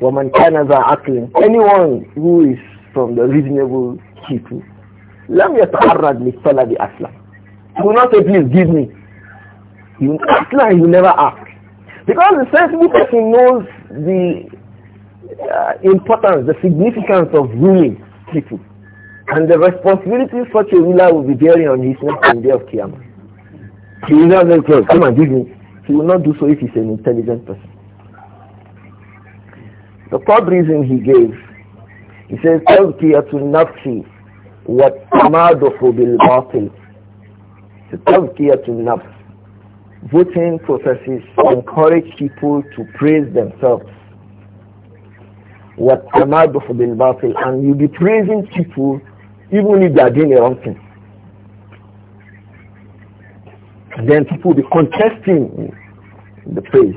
وَمَنْ كَانَ ذَا Anyone who is from the reasonable people, لم يتعرض للطلب أصلا. He will not say, please give me. He will, أصلا, he will never ask. Because the sensible person knows the uh, importance, the significance of ruling people. And the responsibility such a ruler will be bearing on his neck on the day of Qiyamah. He will not make clothes, come and give me. He will not do so if he's an intelligent person. The third reason he gave, he says, tell Tazkiyatun nafsi wa tamaduhu bil batil. So to nafs. Voting processes encourage people to praise themselves what tamaduh bil batil and you be praising people even if they are doing a wrong thing. And then people be contesting the praise.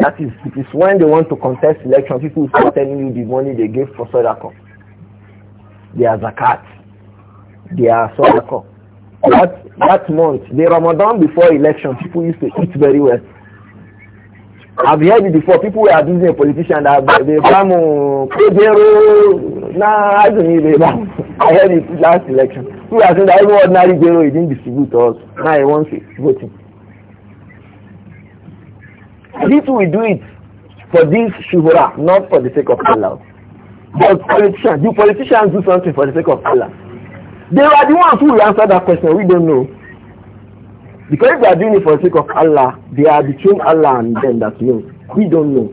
That is, it is when they want to contest election, people start telling you the money they gave for Sadaqah. They are zakat. They are Sadaqah. That, that month, the Ramadan before election, people used to eat very well. I've heard it before. People were abusing a politician that they bam Kojero. Nah, I don't need it. I heard it last election. Who are saying that even ordinary Jero he didn't distribute to us. Now he wants it voting. This we do it for this shuhura, not for the sake of Allah. But politicians, do politicians do something for the sake of Allah? They are the ones who answer that question. We don't know. Because if they are doing it for the sake of Allah, they are between Allah and them that knows. We don't know.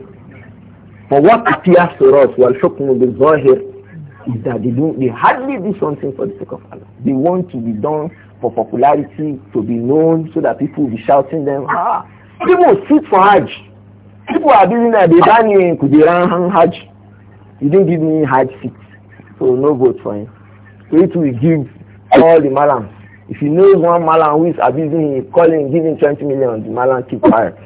But what appears to us while shocking the Zahir is that they, do, they hardly do something for the sake of Allah. They want to be done for popularity, to be known, so that people will be shouting them. Ah, people sit for Hajj. People are doing that. They ban you in Kudiran Hajj. You didn't give me Hajj seats, So no vote for him. So it will give all the malams if he knows one malan who is abusing him, calling, him, him 20 million, the malan keep quiet.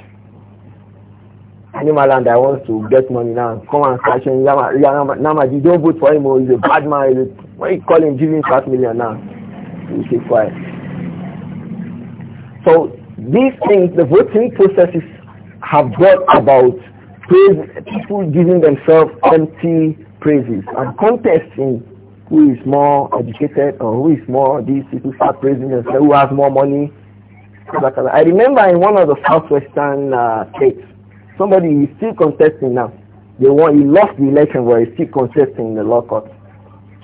Any malan that wants to get money now, come and catch him, Yama, Namaji, don't vote for him, or oh, he's a bad man. Why are you calling, him, him 5 million now, he keep quiet. So these things, the voting processes have brought about praise, people giving themselves empty praises and contesting who is more educated or who is more these people start praising and say who has more money. I remember in one of the southwestern uh, states, somebody is still contesting now. They won, he lost the election, but he's still contesting in the law court.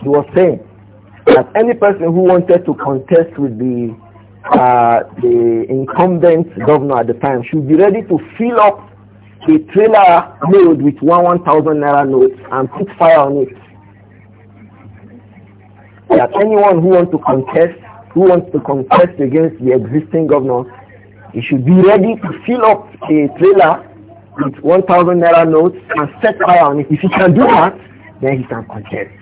He was saying that any person who wanted to contest with the uh, the incumbent governor at the time should be ready to fill up a trailer load with one 1,000 naira notes and put fire on it that anyone who wants to contest, who wants to contest against the existing governor, he should be ready to fill up a trailer with 1,000 naira notes and set fire on it. If he can do that, then he can contest.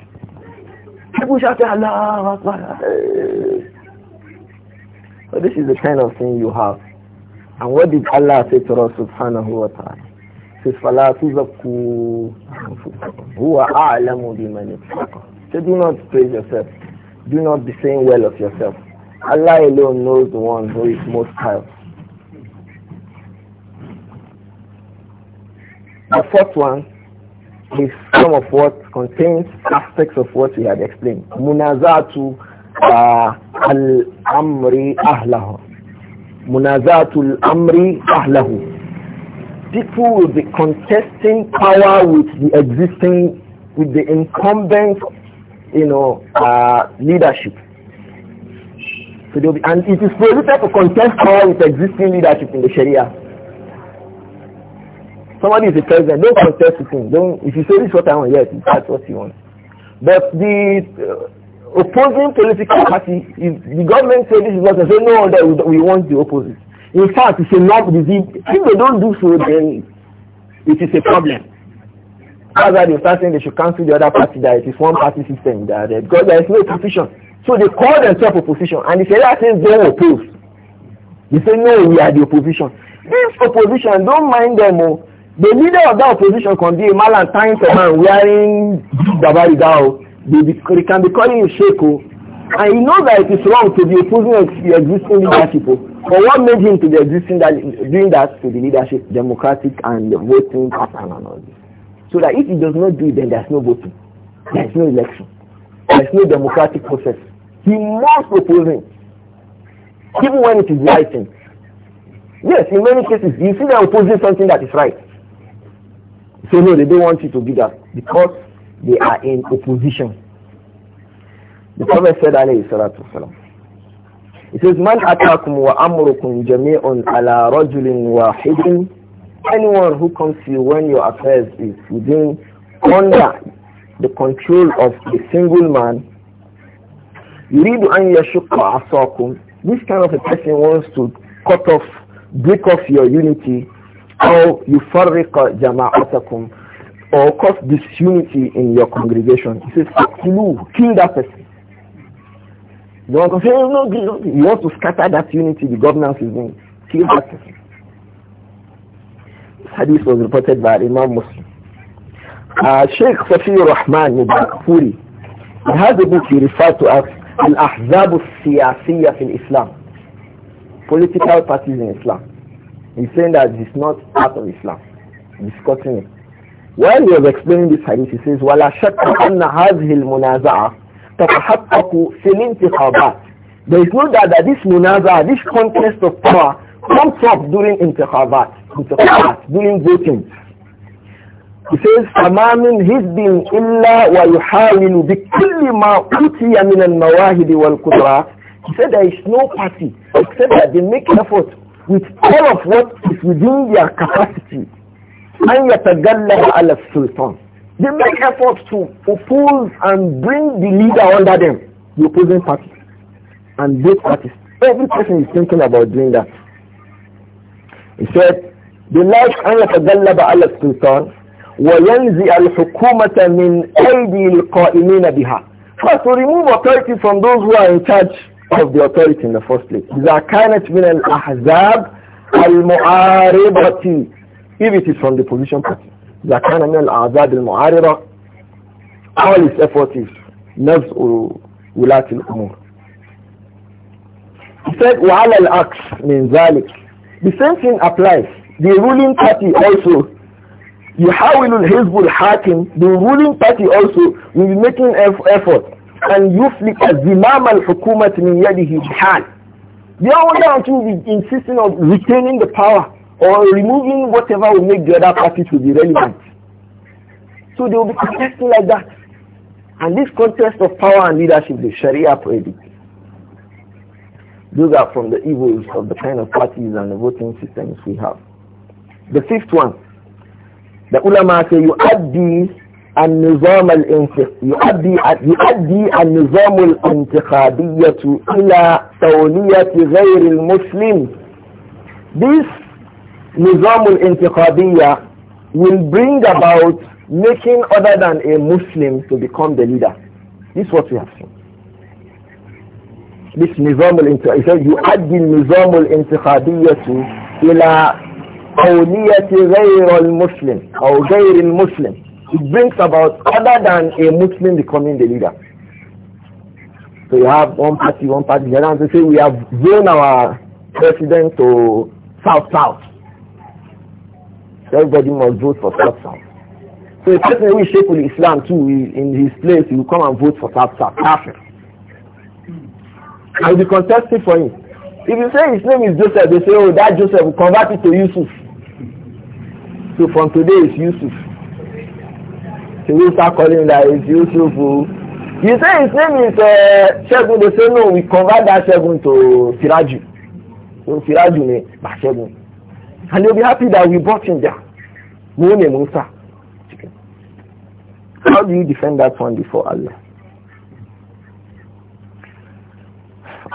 People shout, Allah So this is the kind of thing you have. And what did Allah say to us subhanahu wa ta'ala? says, فَلَا تُزَكُّوا أَنفُسَكُمْ هُوَ أَعْلَمُ بِمَنِ اتَّقَى So do not praise yourself do not be saying well of yourself. Allah alone knows the one who is most pious. The fourth one is some of what contains aspects of what we had explained. Munazatu uh, al-amri ahlahu. Munazatu al-amri ahlahu. People will be contesting power with the existing, with the incumbent you know, uh, leadership. So be, and it is prohibited to contest power with existing leadership in the Sharia. Somebody is a president, don't contest with him. Don't, if you say this is what I want, yes, that's what you want. But the uh, opposing political party, if the government says this is what they say, no, that we, we want the opposite. In fact, it's a norm. disease. If they don't do so, then it is a problem. That's why they start saying they should cancel the other party that it is one party system that uh, because there is no opposition. So they call themselves opposition and they Sharia says they will oppose. They say no, we are the opposition. This opposition, don't mind them. Oh. The leader of that opposition can be a for man wearing Dabarigao. Oh. They, they can be calling you Sheko. Oh. And he know that it is wrong to be opposing the existing leadership. Oh. But what made him to be existing that doing that to the leadership, democratic and voting pattern and all this? So that if he does not do it, then there's no voting. There's no election. There's no democratic process. He must oppose him. Even when it is right thing. Yes, in many cases, you see they're opposing something that is right. So no, they don't want you to do that because they are in opposition. The Prophet said, alayhi salatu wasalam, it says, Man atakum wa amrukum jami'un ala rajulin wahidin anyone who comes to you when your affairs is within under the control of a single man, This kind of a person wants to cut off, break off your unity, أو يفرق جماعتكم, or cause disunity in your congregation. He says, kill, kill that person. You want to say, no, no, no, you want to scatter that unity the governance is in. Kill that person hadith was reported by Imam Muslim. Uh, Sheikh Safiur Rahman Mubarakfuri, he has a book he referred to as Al-Ahzab al-Siyasiyya in Islam, political parties in Islam. He's saying that it's not part of Islam, discussing it. While he was explaining this hadith, he says, وَلَا شَكَّ أَنَّ هَذِهِ الْمُنَازَعَةِ تَتَحَقَّقُ فِي الْانْتِخَابَةِ There is no doubt that this munaza, this contest of power, comes up during intikhabat during voting. He says, فَمَا مِنْ هِزْبٍ إِلَّا وَيُحَاوِلُ بِكُلِّ مَا أُوتِيَ مِنَ الْمَوَاهِبِ وَالْقُدْرَاتِ He said there is no party except that they make effort with all of what is within their capacity. أَنْ يَتَغَلَّبَ عَلَى السُّلْطَانِ They make efforts to oppose and bring the leader under them, the opposing party. And both parties. Every person is thinking about doing that. He said, they like أن يتغلب على السلطان وينزع الحكومة من أيدي القائمين بها. First, to remove authority from those who are in charge of the authority in the first place. إذا كانت من الأحزاب المعارضة if it is from the position party. إذا كان من الأحزاب المعارضة all his effort is نزع ولاة الأمور. He said وعلى العكس من ذلك. The same thing applies the ruling party also يحاول الحزب hacking. the ruling party also will be making effort and you يفلك the الحكومة من يده بحال they are not to be insisting on retaining the power or removing whatever will make the other party to be relevant so they will be contesting like that and this contest of power and leadership the Sharia predicts those are from the evils of the kind of parties and the voting systems we have the fifth one, the ulama say you add the النظام يؤدي يؤدي النظام الانتخابية إلى تولية غير المسلم. This نظام الانتخابية will bring about making other than a Muslim to become the leader. This is what we have seen. This نظام الانتخابية you add the نظام الانتخابية إلى أولية غير المسلم أو غير المسلم it brings about other than a Muslim becoming the leader so you have one party one party the other say we have grown our president to South South everybody must vote for South South so a person who is shapeful Islam too in his place he will come and vote for South South Kafir I will be contesting for him if you say his name is Joseph they say oh that Joseph will convert it to Yusuf so from today it's Yusuf. So we start calling that it's Yusuf. You oh. say his name is uh, Shegun. They say no, we convert that Shegun to Siraju. So Siraju ne Shegun. And they'll be happy that we brought him there. Mune Musa. How do you defend that one before Allah?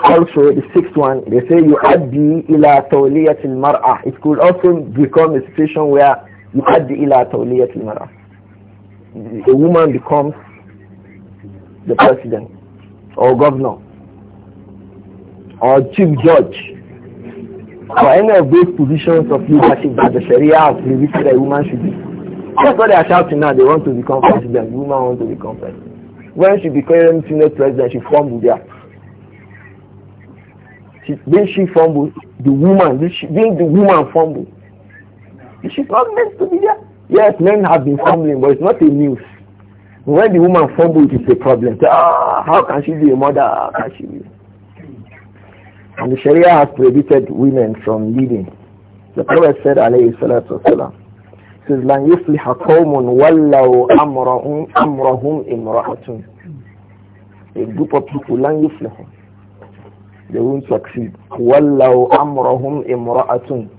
also the sixth one they say you add addi ila tawliyatil mar'a it could also become a situation where يؤدي إلى تولية المرأة a woman becomes the president or governor or chief judge or any of those positions of leadership that the Sharia has predicted a woman should be. That's what they are shouting now. They want to become president. Woman want to become president. When she became senior president, she fumbled there. She, then she fumbled. The woman, then, she, then the woman fumbled. She's not meant to be there. Yes, men have been fumbling, but it's not a news. When the woman fumbles, it's a problem. ah, how can she be a mother? How can she be? And the Sharia has prohibited women from leading. The Prophet said, alayhi salatu wasalam, says, لَنْ يُفْلِحَ قَوْمٌ وَلَّوْا أَمْرَهُمْ أَمْرَهُمْ إِمْرَأَةٌ A group of people, لَنْ يُفْلِحُ They won't succeed. وَلَّوْا أَمْرَهُمْ إِمْرَأَةٌ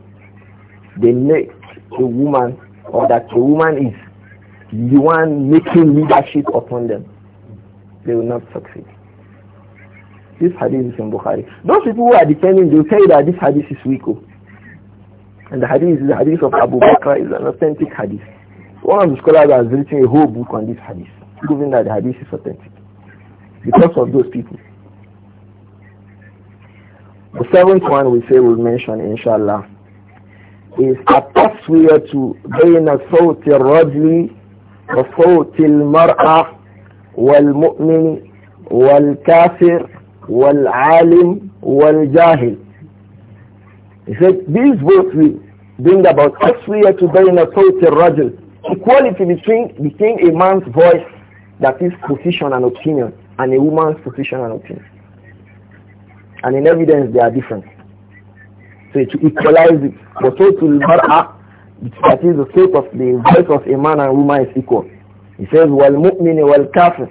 They make a woman or that a woman is the one making leadership upon them, they will not succeed. This hadith is in Bukhari. Those people who are defending, they'll tell you that this hadith is weak. Oh. And the hadith is the hadith of Abu Bakr, is an authentic hadith. One of the scholars has written a whole book on this hadith, proving that the hadith is authentic. Because of those people. The seventh one we say we'll mention, inshallah, is التصفية بين صوت الرجل وصوت kafir, والمؤمن alim, والعالم jahil. He said these both will bring about تصفية بين صوت الرجل equality between between a man's voice that is position and opinion and a woman's position and opinion and in evidence they are different so to equalize it. The total mar'a, that is the state of the voice of a man and woman is equal. He says, wal mu'min wal kafir.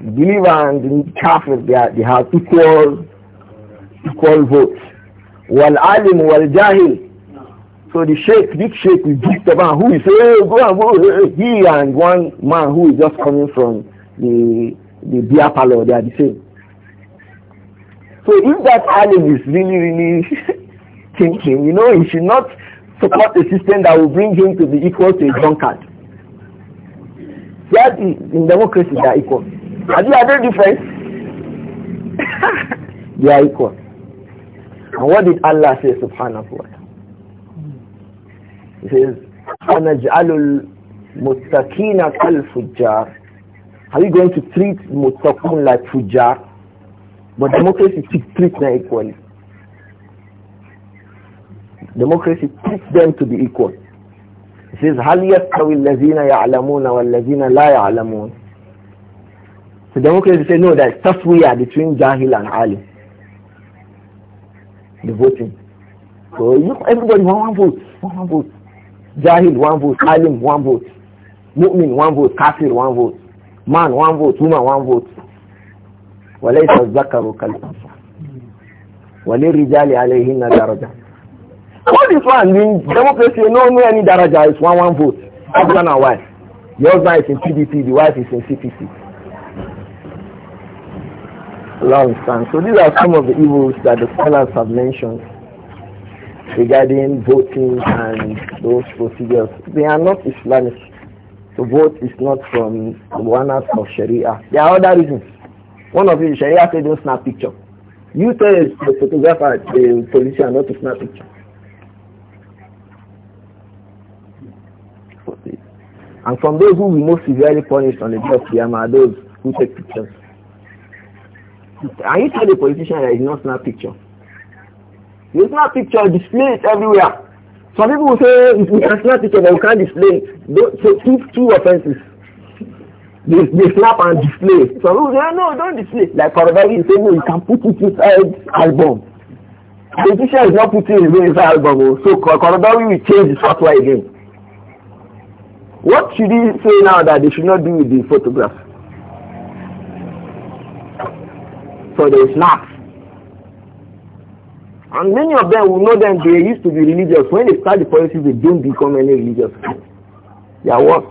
Believer and the kafir, they, are, they have equal, equal votes. Wal alim wal jahil. So the sheikh, big sheikh will beat the man who is, hey, go and go, he and one man who is just coming from the, the beer parlor, they are the same. So if that alim is really, really thinking. You know, he should not support a system that will bring him to be equal to a drunkard. That is, in democracy, they are equal. Are there any difference? they are equal. And what did Allah say, subhanahu wa ta'ala? He says, وَنَجْعَلُ الْمُتَّقِينَ كَالْفُجَّارِ Are you going to treat mutakun like fujar? But democracy treats them equally democracy teach them to be equal. It says, هَلْ يَسْتَوِي الَّذِينَ يَعْلَمُونَ وَالَّذِينَ لَا يَعْلَمُونَ So democracy say, no, that's we are between Jahil and Ali. The voting. So you know, everybody one, one vote, one, one vote. Jahil one vote, Alim one vote, Mu'min one vote, Kafir one vote, man one vote, woman one vote. وَلَيْسَ الذَّكَرُ كَالْأُنْثَى وَلِلرِّجَالِ عَلَيْهِنَّ دَرَجَةٌ all one in democracy, you know, no any daraja is one one vote. Husband and wife. The husband is in PDP, the wife is in CPC. Long stand. So these are some of the evils that the scholars have mentioned regarding voting and those procedures. They are not Islamic. The vote is not from the ones of Sharia. There are other reasons. One of the Sharia says don't snap picture. You tell the photographer, the politician not to snap picture. And from those who will most severely punished on the death, of are those who take pictures. And you tell the politician that it's not snap picture. You snap picture, display it everywhere. Some people will say, we can snap picture, but we can't display it. So two, two offenses. They, they snap and display. Some people say, ah, no, don't display. Like for example, you say, no, you can put it inside album. The politician is not putting it inside album, oh. so Korodawi will change the software again. What should he say now that they should not do with the photograph? for the snap? And many of them will know them, they used to be religious. When they start the policy, they don't become any religious. They are what?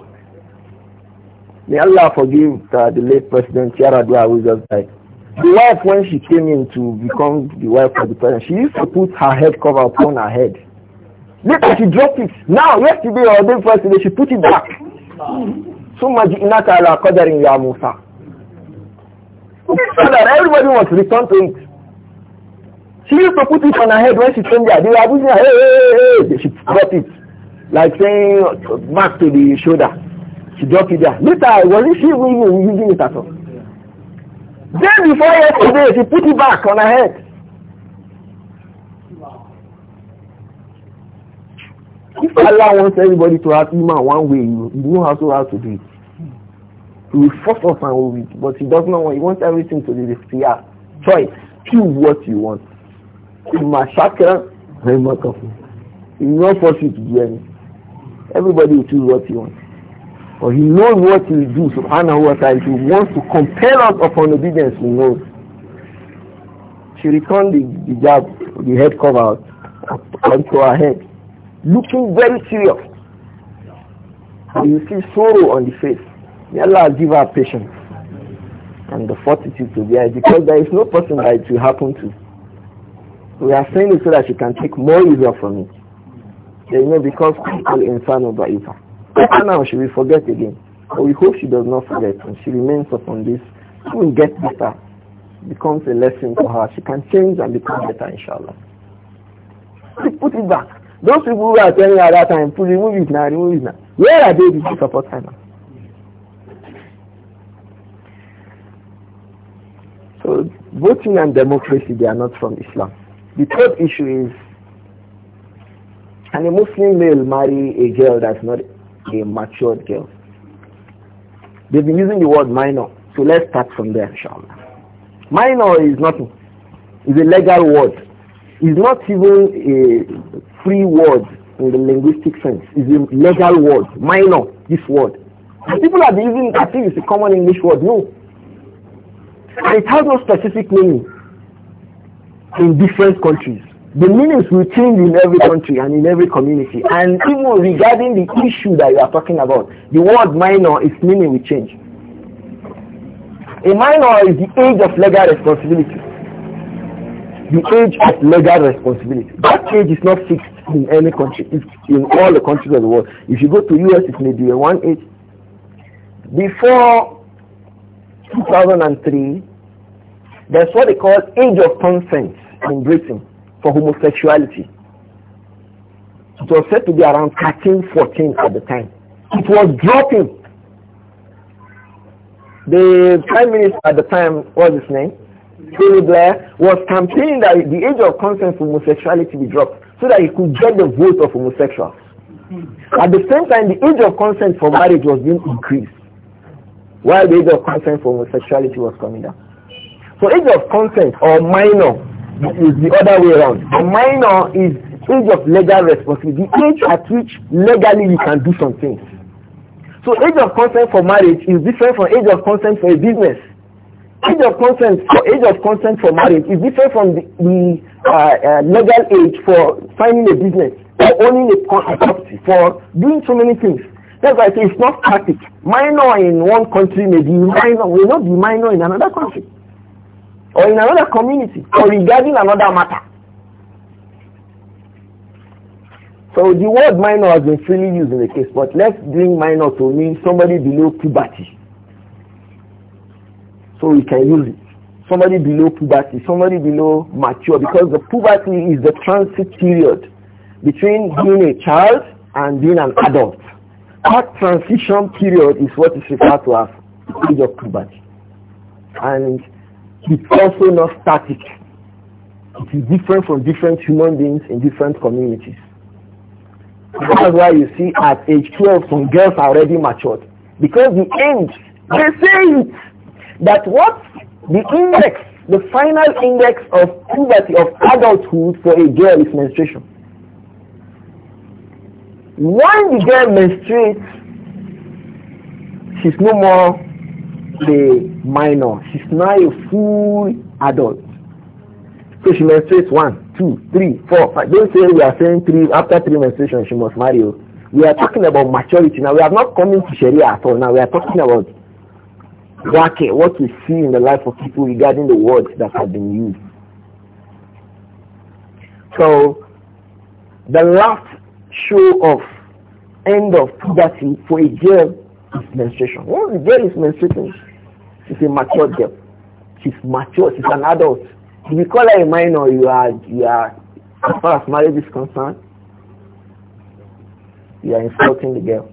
May Allah forgive uh, the late President Chiaradua who just died. The wife, when she came in to become the wife of the president, she used to put her head cover upon her head Later she dropped it. Now, yesterday or day first day, she put it back. So ثُمَّ جِئْنَاكَ عَلَىٰ قَدَرٍ your مُوسَى So that everybody was returned to it. She used to put it on her head when she came there. They were abusing her. Hey, hey, hey. She dropped it. Like saying, back to the shoulder. She dropped it there. Later, was she even using it at all? Then before yesterday, she put it back on her head. If Allah wants everybody to have Iman one way, you, know how to, how to do it. He will force us and we will, but he does not want, he wants everything to be the fear. Choice. Choose what you want. Mashakra, he will not force you to do anything. Everybody will choose what he wants. But he knows what he will do, subhanahu wa ta'ala. He wants to compel us upon obedience, he knows. She returned the, the job. the head cover out, onto her head looking very serious. And you see sorrow on the face. May Allah give her patience and the fortitude to bear because there is no person that it will happen to. We are saying it so that she can take more usure from it. You know, because people insan over Eva. Now she will forget again. But we hope she does not forget and she remains upon this. She will get better. becomes a lesson for her. She can change and become better, inshallah. She put it back. Those people who are telling at that time, please remove it now, remove it now. Where are they to support her now? So voting and democracy, they are not from Islam. The third issue is, can a Muslim male marry a girl that's not a matured girl? They've been using the word minor. So let's start from there, inshallah. Minor is nothing. It's a legal word. It's not even a free word in the linguistic sense. It's a legal word, minor, this word. And people are using I think it's a common English word. No. And it has no specific meaning in different countries. The meanings will change in every country and in every community. And even regarding the issue that you are talking about, the word minor, its meaning will change. A minor is the age of legal responsibility the age of legal responsibility. That age is not fixed in any country, it's in all the countries of the world. If you go to US, it may be a one age. Before 2003, there's what they call age of consent in Britain for homosexuality. It was said to be around 13, 14 at the time. It was dropping. The prime minister at the time, what's his name? Tony Blair was campaigning that the age of consent for homosexuality be dropped so that he could get the vote of homosexuals. At the same time, the age of consent for marriage was being increased while the age of consent for homosexuality was coming down. So age of consent or minor is the other way around. minor is age of legal responsibility, the age at which legally you can do some things. So age of consent for marriage is different from age of consent for a business age of consent for age of consent for marriage is different from the, the uh, uh, legal age for signing a business or owning a property for doing so many things. That's why I say it's not static. Minor in one country may be minor will not be minor in another country or in another community or regarding another matter. So the word minor has been freely used in the case, but let's bring minor to mean somebody below puberty so we can use it. Somebody below puberty, somebody below mature, because the puberty is the transit period between being a child and being an adult. That transition period is what is referred to as age of puberty. And it's also not static. It is different from different human beings in different communities. That's why you see at age 12 some girls are already matured. Because the age, they say it that what the index, the final index of puberty, of adulthood for a girl is menstruation. When the girl menstruates, she's no more the minor. She's now a full adult. So she menstruates one, two, three, four, five. Don't say we are saying three after three menstruation she must marry. You. Oh. We are talking about maturity now. We are not coming to Sharia at all. Now we are talking about Wake, what we see in the life of people regarding the words that have been used. So, the last show of end of puberty for a girl is menstruation. Once the girl is menstruating, she's a mature girl. She's mature. She's an adult. If you call her a minor, you are, you are, as far as marriage is concerned, you are insulting the girl.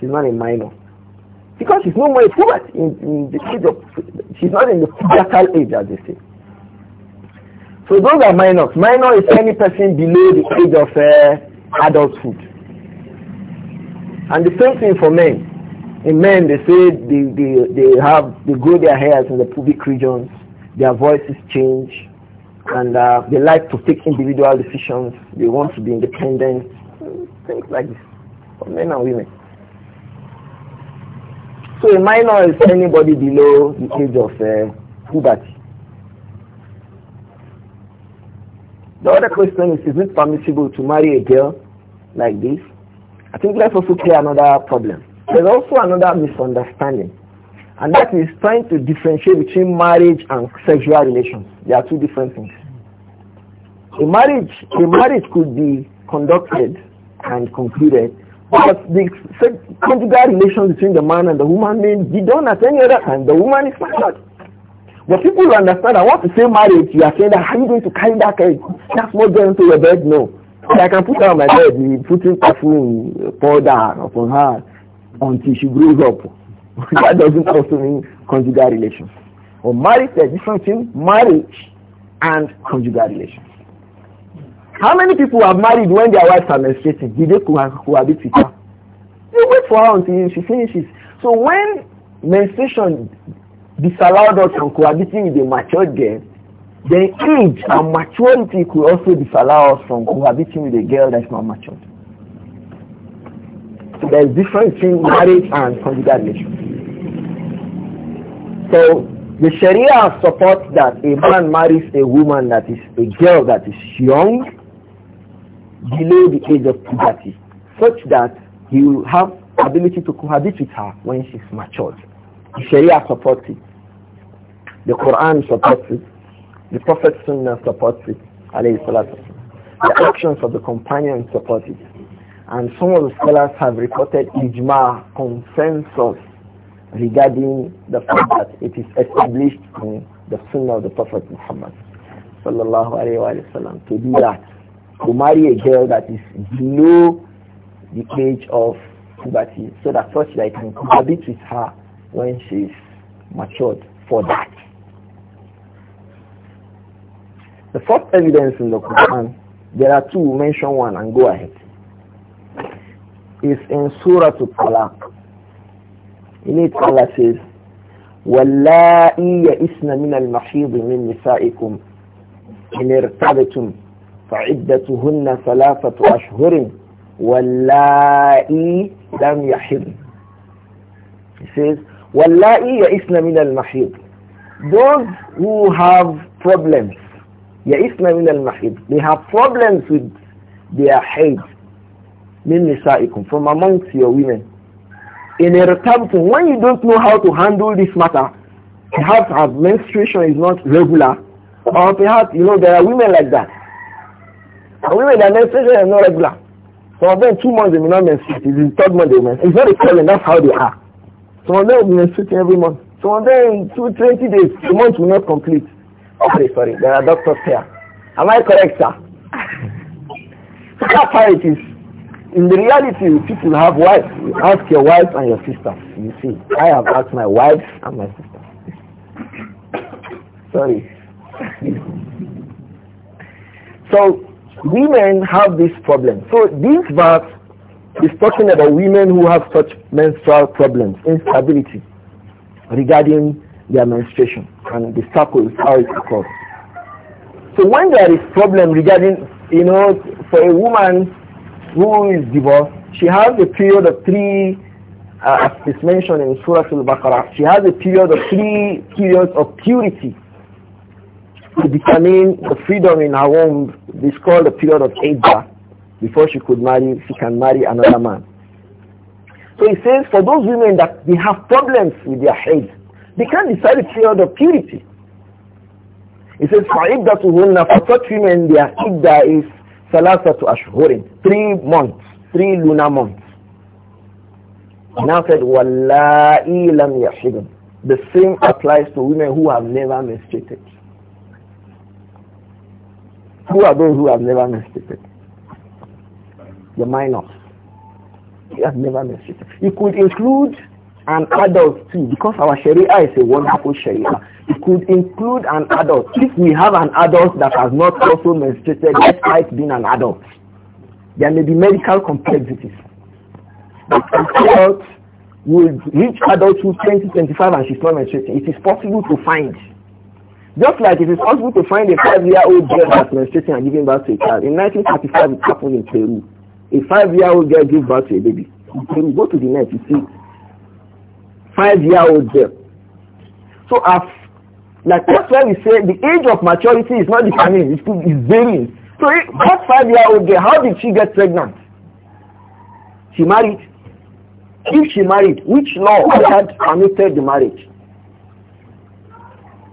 She's not a minor. Because she's no more a woman in, in the age of, she's not in the physical age as they say. So those are minors. Minor is any person below the age of uh, adulthood. And the same thing for men. In men, they say they, they, they have, they grow their hairs in the pubic regions, their voices change, and uh, they like to take individual decisions, they want to be independent, things like this, for men and women. So a minor is anybody below the age of uh, puberty. The other question is, is it permissible to marry a girl like this? I think let's also clear another problem. There's also another misunderstanding. And that is trying to differentiate between marriage and sexual relations. They are two different things. A marriage, a marriage could be conducted and concluded but the conjugal relation between the man and the woman may be done at any other time. The woman is married. But people understand that want to say marriage, you are saying that how are you going to carry that egg? That's not going to your bed, no. I can put her on my bed, putting perfume, powder upon her until she grows up. that doesn't also mean conjugal relation. Or marriage is a different thing, marriage and conjugal relation. How many people have married when their wives are menstruating? Did they cohabit with her? You wait for her until she finishes. So when menstruation disallowed us from cohabiting with a mature girl, then age and maturity could also disallow us from cohabiting with a girl that's not mature. So there's difference between marriage and conjugal relations. So the Sharia supports that a man marries a woman that is a girl that is young below the age of puberty such that he will have ability to cohabit with her when she's matured. The Sharia supports it. The Quran supports it. The Prophet Sunnah supports it. The actions of the companions support it. And some of the scholars have reported ijma consensus regarding the fact that it is established in the Sunnah of the Prophet Muhammad sallallahu alayhi wa sallam to do that to marry a girl that is below the age of puberty so that such that I can cohabit with her when she's matured for that. The first evidence in the Quran, there are two, mention one and go ahead, is in Surah to talaq In it Allah says, وَاللَّائِي isna مِنَ الْمَحِيضِ مِنْ نِسَائِكُمْ إِنِ ارْتَبْتُمْ فعدتهن ثلاثة أشهر واللائي لم يحضن He says, واللائي يئسن من المحيض Those who have problems, يئسن من المحيض They have problems with their head من نسائكم from amongst your women in a irritabtum when you don't know how to handle this matter perhaps menstruation is not regular or perhaps you know there are women like that and women their menstruation is not regular. Some of them two months they may not menstruate. It's the third month they menstruate. It's not a problem, that's how they are. Some of them will be menstruating every month. Some of them two twenty days, the month will not complete. Okay, sorry, there are doctors here. Am I correct, sir? that's how it is. In the reality, people have wives. You ask your wife and your sister. You see, I have asked my wife and my sister. sorry. so Women have this problem. So this verse is talking about women who have such menstrual problems, instability regarding their menstruation and the cycles, how it occurs. So when there is problem regarding, you know, for a woman who is divorced, she has a period of three, uh, as is mentioned in Surah Al-Baqarah, she has a period of three periods of purity to determine the freedom in her womb is called a period of Iddah before she could marry, she can marry another man. So he says for those women that they have problems with their head, they can't decide the period of purity. He says for that Iddatuhunna, for such women their Iddah is to Ashhurin, three months, three lunar months. And now said, Wallahi lam yahidun. The same applies to women who have never menstruated. Who are those who have never menstruated? The minors. He has never menstruated. It could include an adult too, because our Sharia is a wonderful Sharia. It could include an adult. If we have an adult that has not also menstruated despite being an adult, there may be medical complexities. But an adult will reach adulthood 20, 25 and she's not menstruating. It is possible to find just like it is possible to find a five-year-old girl that's menstruating and giving birth to a child. In 1935, it happened in Peru. A five-year-old girl gave birth to a baby. In Peru, go to the net, you see. Five-year-old girl. So as, like that's why we say the age of maturity is not determined. It's, it's varying. So eh, that five-year-old girl, how did she get pregnant? She married. If she married, which law had permitted the marriage?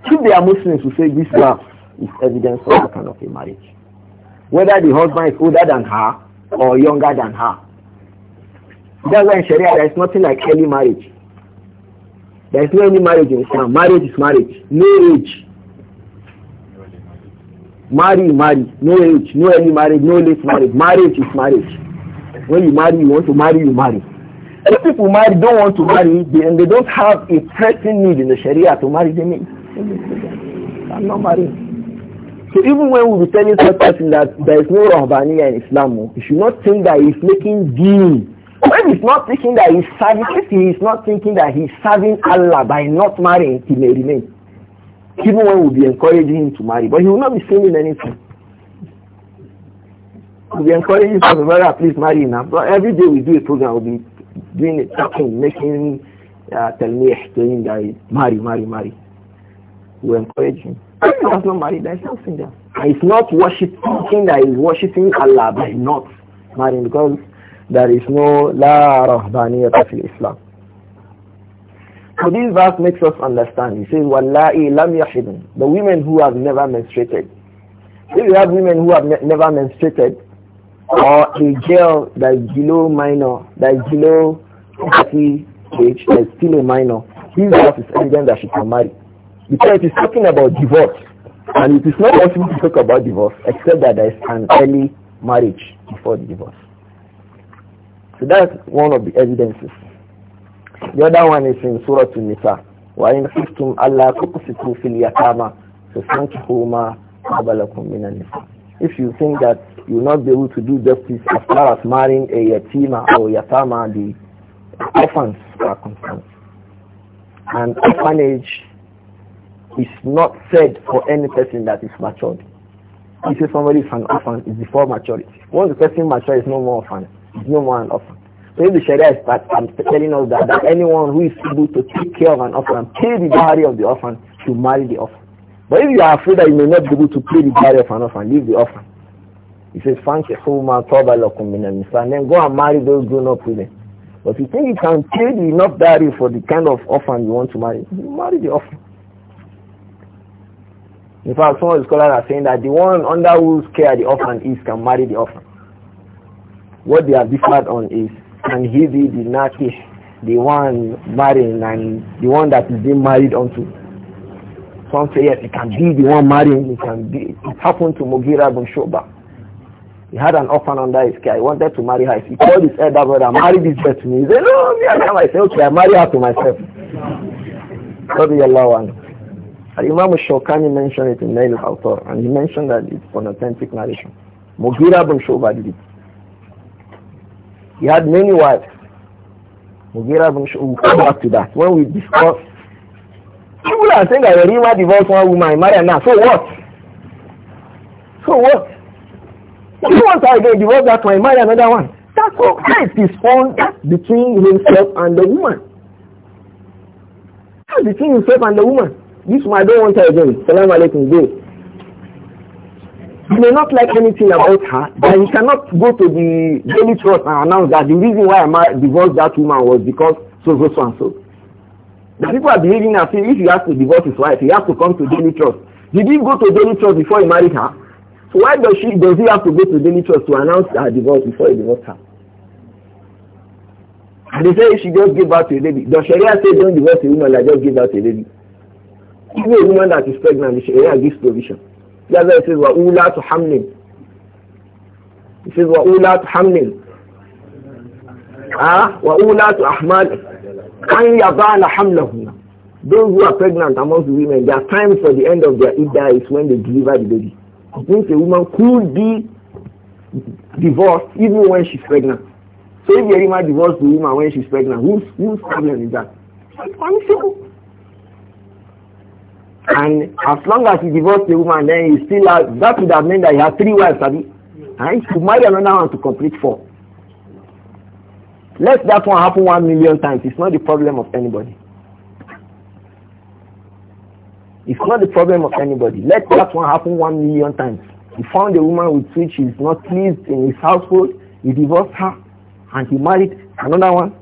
If they are Muslims who say this is evidence for a kind of a marriage, whether the husband is older than her or younger than her. That's why in Sharia there is nothing like early marriage. There is no any marriage in Islam. Marriage is marriage. No age. Marry, marry. No age. No early marriage. No late marriage. Marriage is marriage. When you marry, you want to marry, you marry. If people marry, don't want to marry, and they don't have a pressing need in the Sharia to marry, they may. I'm not married. So even when we be telling such person that there is no Rahbaniya in Islam, you oh, should not think that he's making deen. When he's not thinking that he's serving, if he is not thinking that he's serving Allah by not marrying, he may remain. Even when we'll be encouraging him to marry, but he will not be saying anything. We'll be encouraging him to marry, please marry now. But every day we do a program, we'll be doing it, talking, making uh, tell me, doing that, marry, marry, marry will encourage him. If he does not marry, there is nothing there. And it's not worshiping that is worshiping Allah by not marrying because there is no La rahbaniyat fi Islam. So this verse makes us understand. He says, Wallahi lam yahidun. The women who have never menstruated. If you have women who have ne never menstruated, or a girl that is below minor, that is below 30 age, that is still a minor, this verse is evidence that she can marry. Because it is talking about divorce. And it is not possible to talk about divorce except that there is an early marriage before the divorce. So that's one of the evidences. The other one is in Surah An-Nisa. وَإِنْ خِفْتُمْ أَلَّا تُقْسِطُوا فِي الْيَتَامَى فَانكِحُوا مَا طَابَ لَكُم مِّنَ النِّسَاءِ If you think that you will not be able to do justice as far as marrying a yatima or yatama, the orphans are concerned. And orphanage is not said for any person that is matured. If you say somebody is an orphan, it's before maturity. Once the person matured, is no more orphan. It's no more an orphan. So the Sharia is that I'm um, telling us that, that anyone who is able to take care of an orphan, pay the dowry of the orphan, to marry the orphan. But if you are afraid that you may not be able to pay the dowry of an orphan, leave the orphan. He says, Fankihuma of Lokuminamisa, and then go and marry those grown up women. But if you think you can pay the enough dowry for the kind of orphan you want to marry, you marry the orphan. In fact, some of the scholars are saying that the one under whose care the orphan is can marry the orphan. What they have differed on is, can he be the nakish, the one marrying and the one that is being married onto? Some say yes, it can be the one marrying, it can be. It happened to Mugira bin Shoba. He had an orphan under his care. He wanted to marry her. He called his elder brother, marry this girl to me. He said, no, me and him. I said, okay, I marry her to myself. Imam Shawkani mentioned it in Nail al-Awtar, and he mentioned that it's an authentic narration. Mughira bin Shu'ba did it. He had many wives. Mughira bin Shu'ba, we'll come back to that. When we discuss, people are saying that Yarima divorced one woman, marry another. So what? So what? He wants to again divorce that one, marry another one. That's all. is found between himself and the woman. That's between himself and the woman. This one, I don't want her again. Salam alaikum, go. He may not like anything about her, but he cannot go to the daily trust and announce that the reason why I divorced that woman was because so, so, so, and so. The people are believing that if he has to divorce his wife, he has to come to daily trust. Did he go to daily trust before he married her? So why does she does he have to go to daily trust to announce her divorce before he divorced her? And they say she just gave birth to a baby. Does Sharia say don't divorce a woman like just give birth to a baby? Even a woman that is pregnant, the Sharia gives provision. That's why it says, to hamlin. It says, وَأُولَا hamlin. Ah, وَأُولَا تُحْمَلٍ أَنْ يَضَعْنَ حَمْلَهُنَّ Those who are pregnant amongst the women, their time for the end of their Iddah is when they deliver the baby. It means a woman could be divorced even when she's pregnant. So if Yerima divorced the woman when she's pregnant, whose, whose problem is that? It's and as long as he divorced a woman, then he still has, that would have meant that he had three wives, Abi. And he could marry another one to complete four. Let that one happen one million times. It's not the problem of anybody. It's not the problem of anybody. Let that one happen one million times. He found a woman with which he's not pleased in his household. He divorced her and he married another one.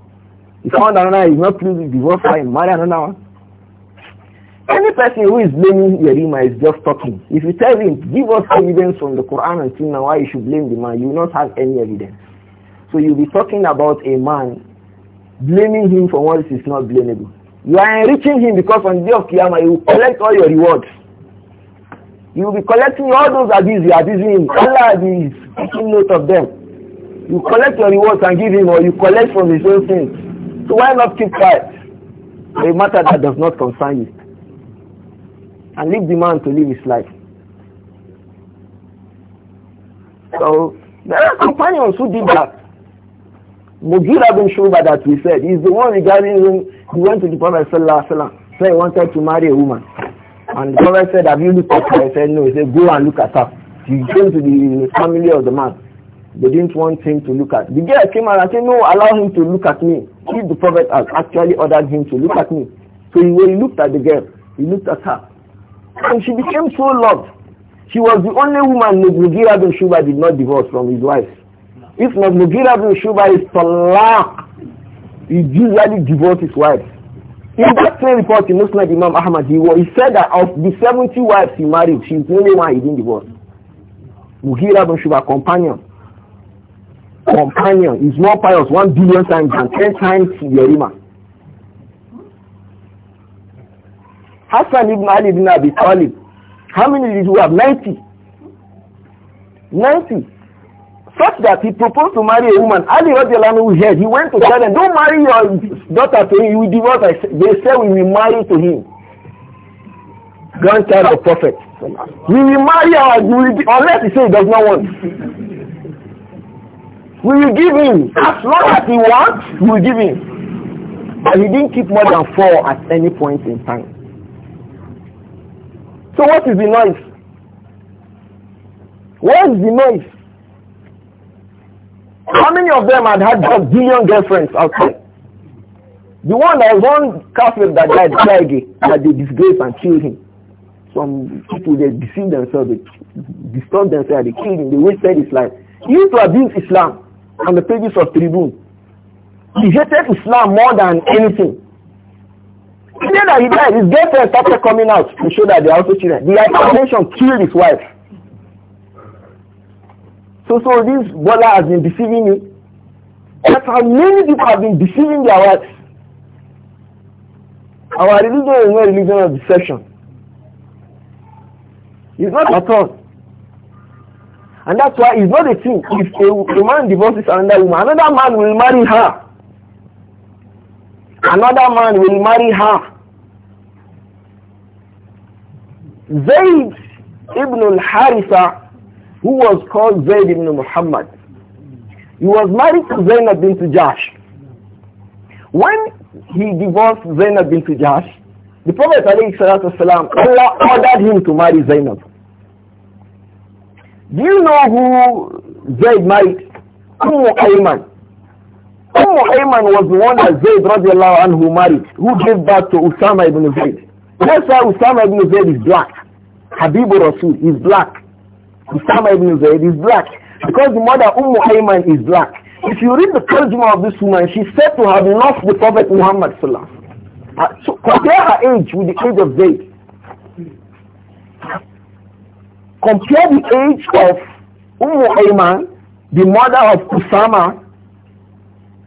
He found another, he's not pleased, he divorced her and married another one. Any person who is blaming Yerima is just talking. If you tell him, give us evidence from the Quran and Sunnah why you should blame the man, you will not have any evidence. So you'll be talking about a man, blaming him for what is not blamable. You are enriching him because on the day of Qiyamah, you will collect all your rewards. You will be collecting all those abuse you are abusing him. Allah is taking note of them. You collect your rewards and give him or you collect from his own sins. So why not keep quiet? A matter that does not concern you and leave the man to live his life. So there are companions who did that. Mughira bin Shuba that we said is the one regarding whom he went to the Prophet Sallallahu Alaihi Wasallam said he wanted to marry a woman. And the Prophet said, have you looked at her? He said, no. He said, go and look at her. He came to the family of the man. They didn't want him to look at. The girl came out and said, no, allow him to look at me. He, the Prophet actually ordered him to look at me. So he, went. he looked at the girl, he looked at her. And she became so loved. She was the only woman Mugira bin Shuba did not divorce from his wife. If not, Mugira bin Shuba is talaq. He usually divorced his wife. In that same report in Muslim Imam Ahmad, he, was, he said that of the 70 wives he married, she's the only one he didn't divorce. Mugira bin Shuba, companion. Companion is more pious one billion times than 10 times Yerima. Hassan ibn Ali ibn Abi Talib, how many did you have? 90. 90. Such that he proposed to marry a woman. Ali Radiallahu heard, he went to tell them, don't marry your daughter to him, you will divorce her. They said we will marry to him. Grandchild of prophet. We will marry our, unless he says he does not want. We will give him. As long as he wants, we will give him. But he didn't keep more than four at any point in time. So what is the noise? What is the noise? How many of them had had a billion girlfriends outside? The one that was one Catholic that died Friday, that they disgraced and killed him. Some people, they deceived themselves, they disturbed themselves, they killed him, they wasted his life. He used to abuse Islam on the pages of Tribune. He hated Islam more than anything. The that he died, his girlfriend started coming out to show that they are also children. The accusation killed his wife. So, so this brother has been deceiving you. That's how many people have been deceiving their wives. Our religion is not religion of deception. It's not at all. And that's why it's not a thing. If a, a man divorces another woman, another man will marry her. Another man will marry her. Zayd ibn al-Haritha, who was called Zayd ibn Muhammad, he was married to Zainab bint Jash. When he divorced Zainab bint Jash, the Prophet والسلام, Allah ordered him to marry Zainab. Do you know who Zayd married? Ummu Ayman. Ummu Ayman was the one that Zayd radiallahu anhu married, who gave birth to Usama ibn Zayd. That's why Usama ibn Zayd is black. Habibu Rasul is black. Usama ibn Zayd is black. Because the mother Ummu Ayman is black. If you read the Tarjuma of this woman, she's said to have lost the Prophet Muhammad Sallallahu uh, So compare her age with the age of Zayd. Compare the age of Ummu Ayman, the mother of Usama,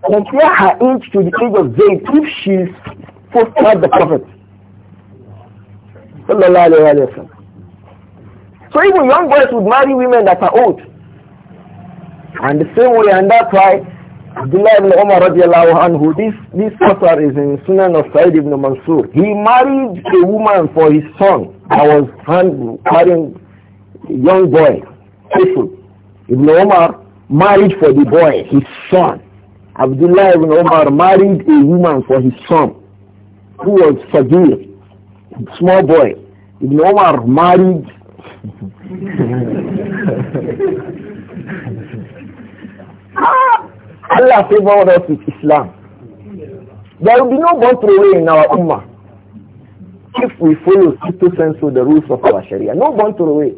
compare her age to the age of Zayd if she's fostered the Prophet. Sallallahu Alaihi Wasallam. So even young boys would marry women that are old. And the same way, and that's why Abdullah ibn Umar radiallahu anhu, this, this author is in Sunan of Sa'id ibn Mansur. He married a woman for his son that was hand, young boy, faithful. Ibn Umar married for the boy, his son. Abdullah ibn Umar married a woman for his son, who was Sagir, small boy. Ibn Umar married Ah! Allah favored us with Islam. There will be no born throwaway in our ummah if we follow stricto sensu the rules of our Sharia. No born throwaway.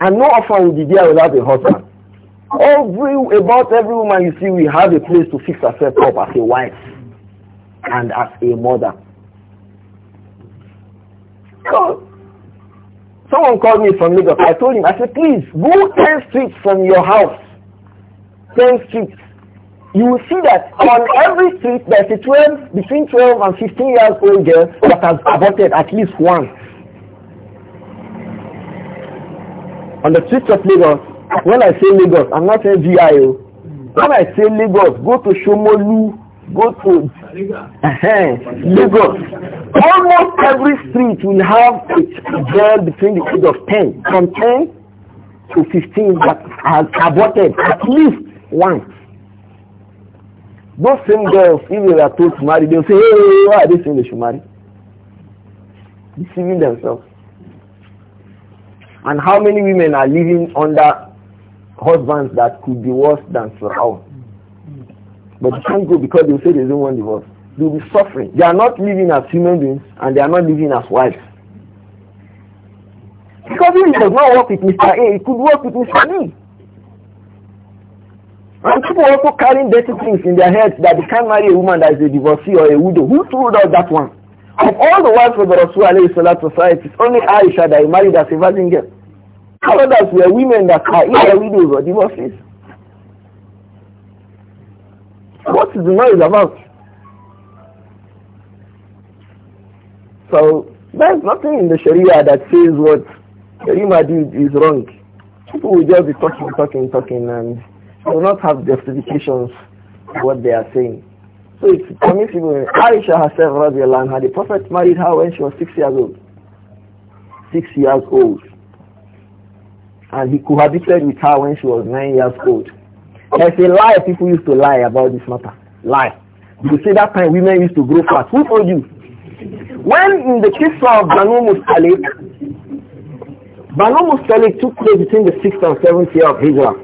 And no orphan will be there without a husband. Every about every woman you see, we have a place to fix ourselves up as a wife and as a mother. God. Someone called me from Lagos. I told him, I said, please, go 10 streets from your house. 10 streets. You will see that on every street there's a 12, between 12 and 15 years old girl that has aborted at least once. On the streets of Lagos, when I say Lagos, I'm not saying V.I.O. Oh. When I say Lagos, go to Shomolu, good food, eh, Lagos. Almost every street will have a girl between the age of 10, from 10 to 15 that has aborted at least once. Those same girls, if they are told to marry, they'll say, hey, why are they saying they should marry? Deceiving themselves. And how many women are living under husbands that could be worse than Pharaoh? But they can't go because they say they don't want divorce. They'll be suffering. They are not living as human beings and they are not living as wives. Because if it does not work with Mr. A, it could work with Mr. B. And people are also carrying dirty things in their heads that they can't marry a woman that is a divorcee or a widow. Who told us that one? Of all the wives of the Rasul society, it's only Aisha that he married as a virgin girl. How others were women that are either widows or divorcees. What is the noise about? So there's nothing in the Sharia that says what Karima did is wrong. People will just be talking, talking, talking and will not have justifications for what they are saying. So it's permissible. Aisha herself, radiallahu anha, the Prophet married her when she was six years old. Six years old. And he cohabited with her when she was nine years old. I a lie people used to lie about this matter. Lie. You say that time women used to grow fast. Who told you? When in the case of Banu Mustali, Banu Mustali took place between the 6th and 7th year of Hijrah.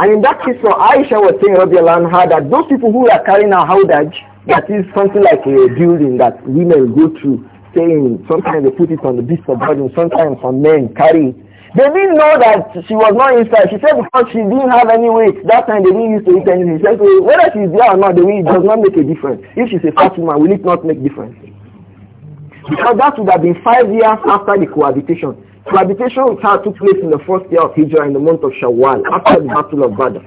And in that case, so Aisha was saying, Anha, that those people who are carrying a howdaj, that is something like a building that women go through, saying sometimes they put it on the beast of burden, sometimes on men carry it they didn't know that she was not inside. She said because she didn't have any weight. That time they didn't used to eat anything. She said, whether she's there or not, the weight does not make a difference. If she's a fat woman, will it not make difference? Because that would have been five years after the cohabitation. Cohabitation with her took place in the first year of Hijrah in the month of Shawwal, after the Battle of Badr.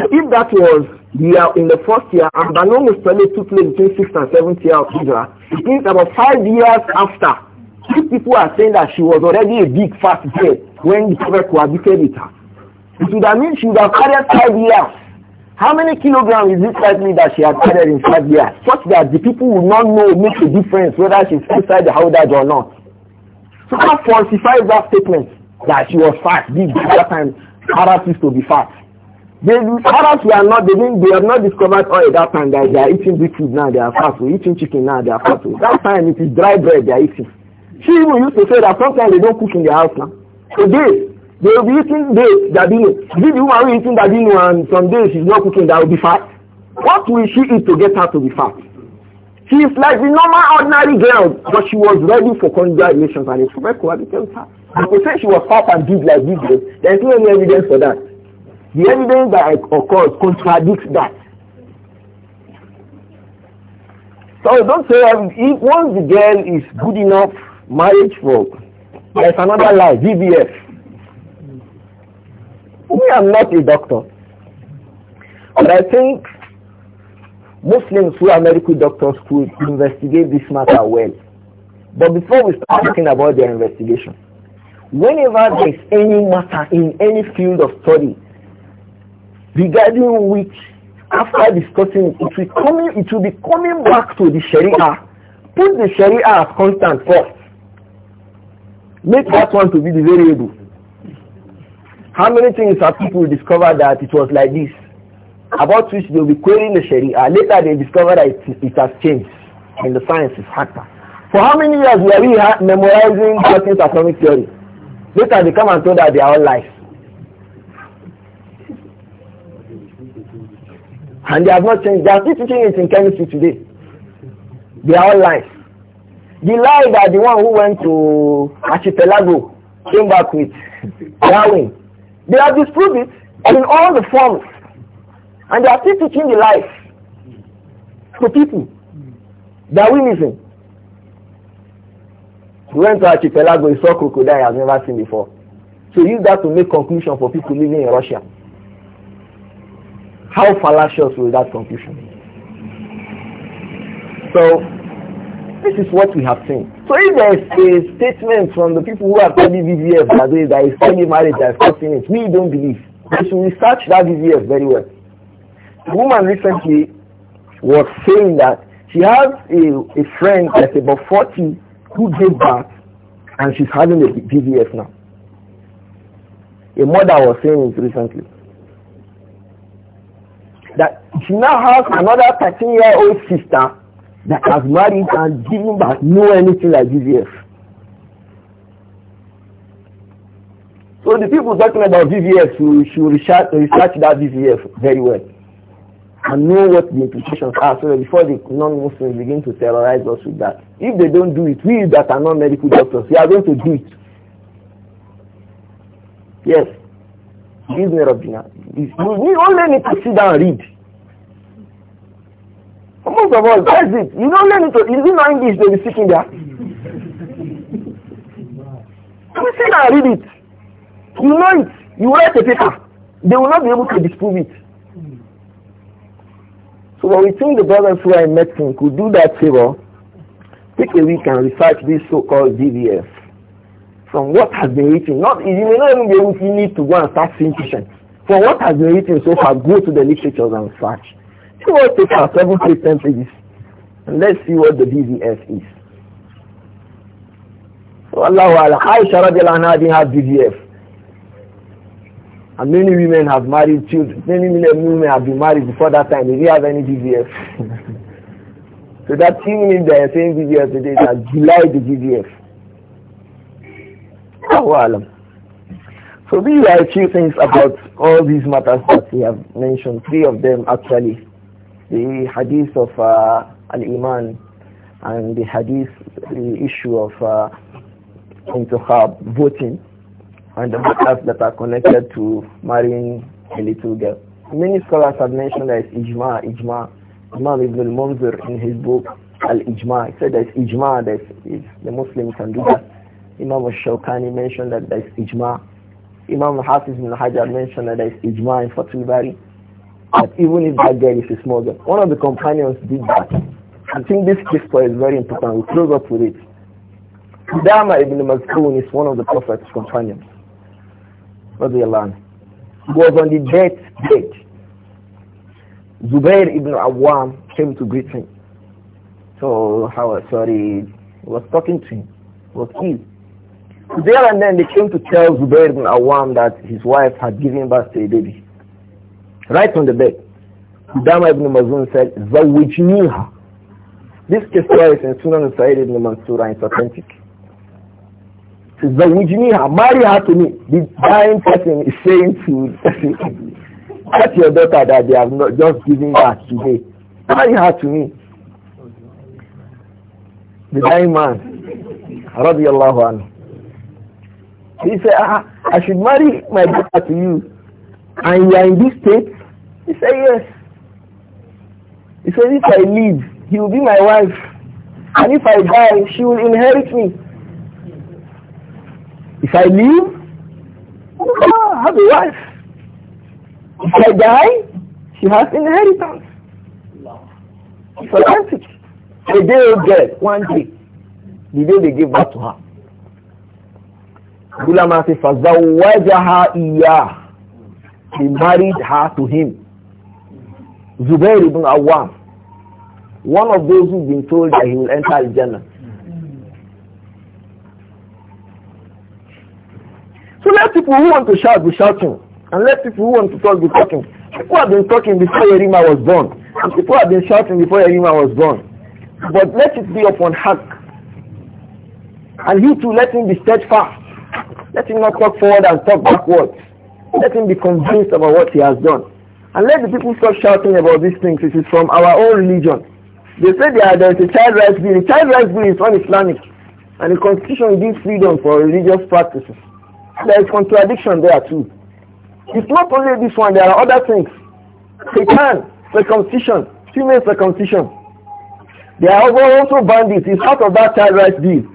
So if that was year in the first year, and Banu Mustali took place between 6th and 7th year of Hijrah, it means about five years after if people are saying that she was already a big fat girl when the Prophet cohabited with her, it would have meant she would have carried five years. How many kilograms is it likely that she had carried in five years? Such that the people would not know, make a difference whether she's inside the house or not. So that falsifies that statement that she was fat, big, that time Arabs used to be fat. They, Arabs were not, they didn't, they have not discovered oil that time that they are eating big food now, they are fat, we're eating chicken now, they are fat. That time it is dry bread they are eating. She even used to say that sometimes they don't cook in the house now. So they will be eating dates, dadino. This woman will be eating dadino and some days she's not cooking, that will be fat. What will she eat to get her to be fat? She is like the normal ordinary girl, but she was ready for conjugal relations and it's very cohabitant her. If we say she was fat and big like this girl, there is no any evidence for that. The evidence that occurs contradicts that. So don't say, um, if once the girl is good enough marriage folk. There's another lie, VBF. We are not a doctor. But I think Muslims who are medical doctors could investigate this matter well. But before we start talking about their investigation, whenever there is any matter in any field of study regarding which after discussing it, will, coming, it will be coming back to the Sharia. Put the Sharia as constant first. Make that one to be the variable. How many things have people discovered that it was like this? About which they'll be querying the Sharia. Later they discover that it, it has changed and the science is harder. For how many years were we memorizing certain atomic theory? Later they come and told that they are all lies. And they have not changed. They are still teaching it in chemistry today. They are all lies. The lie that the one who went to Archipelago came back with Darwin, they have disproved it in all the forms. And they are still teaching the life to people. Darwinism. He went to Archipelago, he saw crocodile he has never seen before. So use that to make conclusion for people living in Russia. How fallacious will that conclusion be? So this is what we have seen. So if there is a statement from the people who are studying VVF that is there is any marriage that is causing it, we don't believe. We should research that VVF very well. A woman recently was saying that she has a, a friend that's about 40 who gave birth and she's having a VVF now. A mother was saying it recently that she now has another 13 year old sister that has married and given back know anything like VVF. So the people talking about VVF should research, research that VVF very well and know what the implications are so that before the non-Muslims begin to terrorize us with that. If they don't do it, we that are not medical doctors, we are going to do it. Yes. Give me Rabina. We only need to sit down and read. Most of us, that's it. You don't learn it. To, you know English, they'll be speaking there. We sit and read it. You know it. You write a paper. They will not be able to disprove it. So when we think the brothers who are in medicine could do that favor, take a week and research this so-called DVF from what has been written. Not you may not even be able to need to go and start seeing patients. From what has been written so far, go to the literature and search. He wants to have seven to ten pages. And let's see what the DVF is. So Allah Aisha radiallahu anha didn't have DVF. And many women have married children. Many women have been married before that time. didn't have any DVF. so that thing if they are saying DVF today, That July the DVF. So these are a few things about all these matters that we have mentioned, three of them actually the hadith of uh, al-iman and the hadith, the issue of uh, intikhab, voting, and the matters that are connected to marrying a little girl. Many scholars have mentioned that ijma, ijma. Imam Ibn al-Munzir in his book Al-Ijma, said that ijma, there's, the Muslim can do that. Imam al-Shawkani mentioned that there's ijma. Imam Hafiz ibn Hajar mentioned that there's ijma in Fatul Bari that even if that girl is a small girl. One of the companions did that. I think this story is very important. We'll close up with it. Dama ibn Mazkun is one of the Prophet's companions. Radiallahu He was on the death bed. Zubair ibn Awam came to greet him. So, how, sorry, was talking to him, was ill. There and then they came to tell Zubair ibn Awam that his wife had given birth to a baby right on the bed. Dama ibn Mazun said, Zawijniha. This story is in Sunan Sa'id ibn Mansur and it's authentic. Zawijniha, marry her to me. The dying person is saying to that's your daughter that they have not just given back today. Marry her to me. The dying man, radiallahu anhu. He said, ah, I should marry my daughter to you. And you are in this state he said, yes. He said, if I live, he will be my wife. And if I die, she will inherit me. If I live, I have a wife. If I die, she has inheritance. It's authentic. The day of death, one day, the day they give birth to her. Gulama says, فَزَوَّجَهَا إِيَّهِ He married her to him. Zubair ibn Awam, one of those who has been told that he will enter Jannah. So let people who want to shout be shouting, and let people who want to talk be talking. People have been talking before Yerima was born, and people have been shouting before Yerima was born. But let it be upon Hak. And he too, let him be steadfast. Let him not talk forward and talk backwards, Let him be convinced about what he has done. And let the people stop shouting about these things. It is from our own religion. They say there, there is a child rights bill. The child rights bill is un-Islamic. And the constitution gives freedom for religious practices. There is contradiction there too. It's not only this one. There are other things. can, circumcision, female circumcision. They are also bandits. It's part of that child rights bill.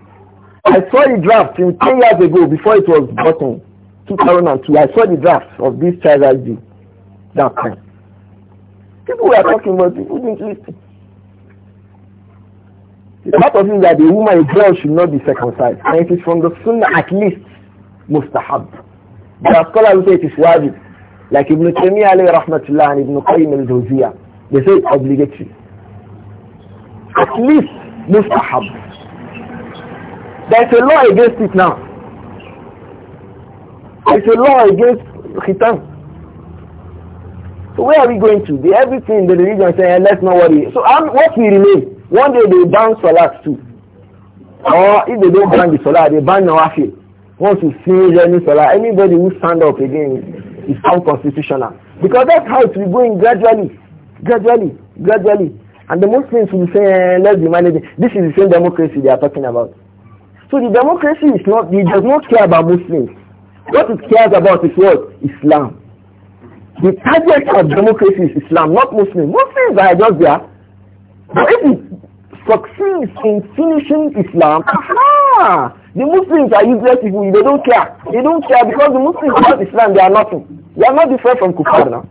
I saw the draft in 10 years ago before it was gotten, 2002. I saw the draft of this child rights bill that time. People were talking, but Who didn't listen. The part of it that the woman, a girl, should not be circumcised. And it is from the sunnah at least mustahab. There are scholars who say it is wajib. Like Ibn Taymiyyah alayhi rahmatullah and Ibn Qayyim al-Jawziyah. They say it's obligatory. At least mustahab. There is a law against it now. There is a law against khitan. So where are we going to? The everything the religion say, eh, let's not worry. So um, what will remain? One day they ban solar too. Or if they don't ban the solar, they ban nawafil. Once you finish any solar, anybody who stand up again is unconstitutional. Because that's how it will be going gradually, gradually, gradually. And the Muslims will say, eh, let's be managing. This is the same democracy they are talking about. So the democracy is not, it does not care about Muslims. What it cares about is what? Islam. The target of democracy is Islam, not Muslims. Muslims are just there. But if it succeeds in finishing Islam, ah, the Muslims are useless people. They don't care. They don't care because the Muslims without Islam, they are nothing. They are not different from Kufar now.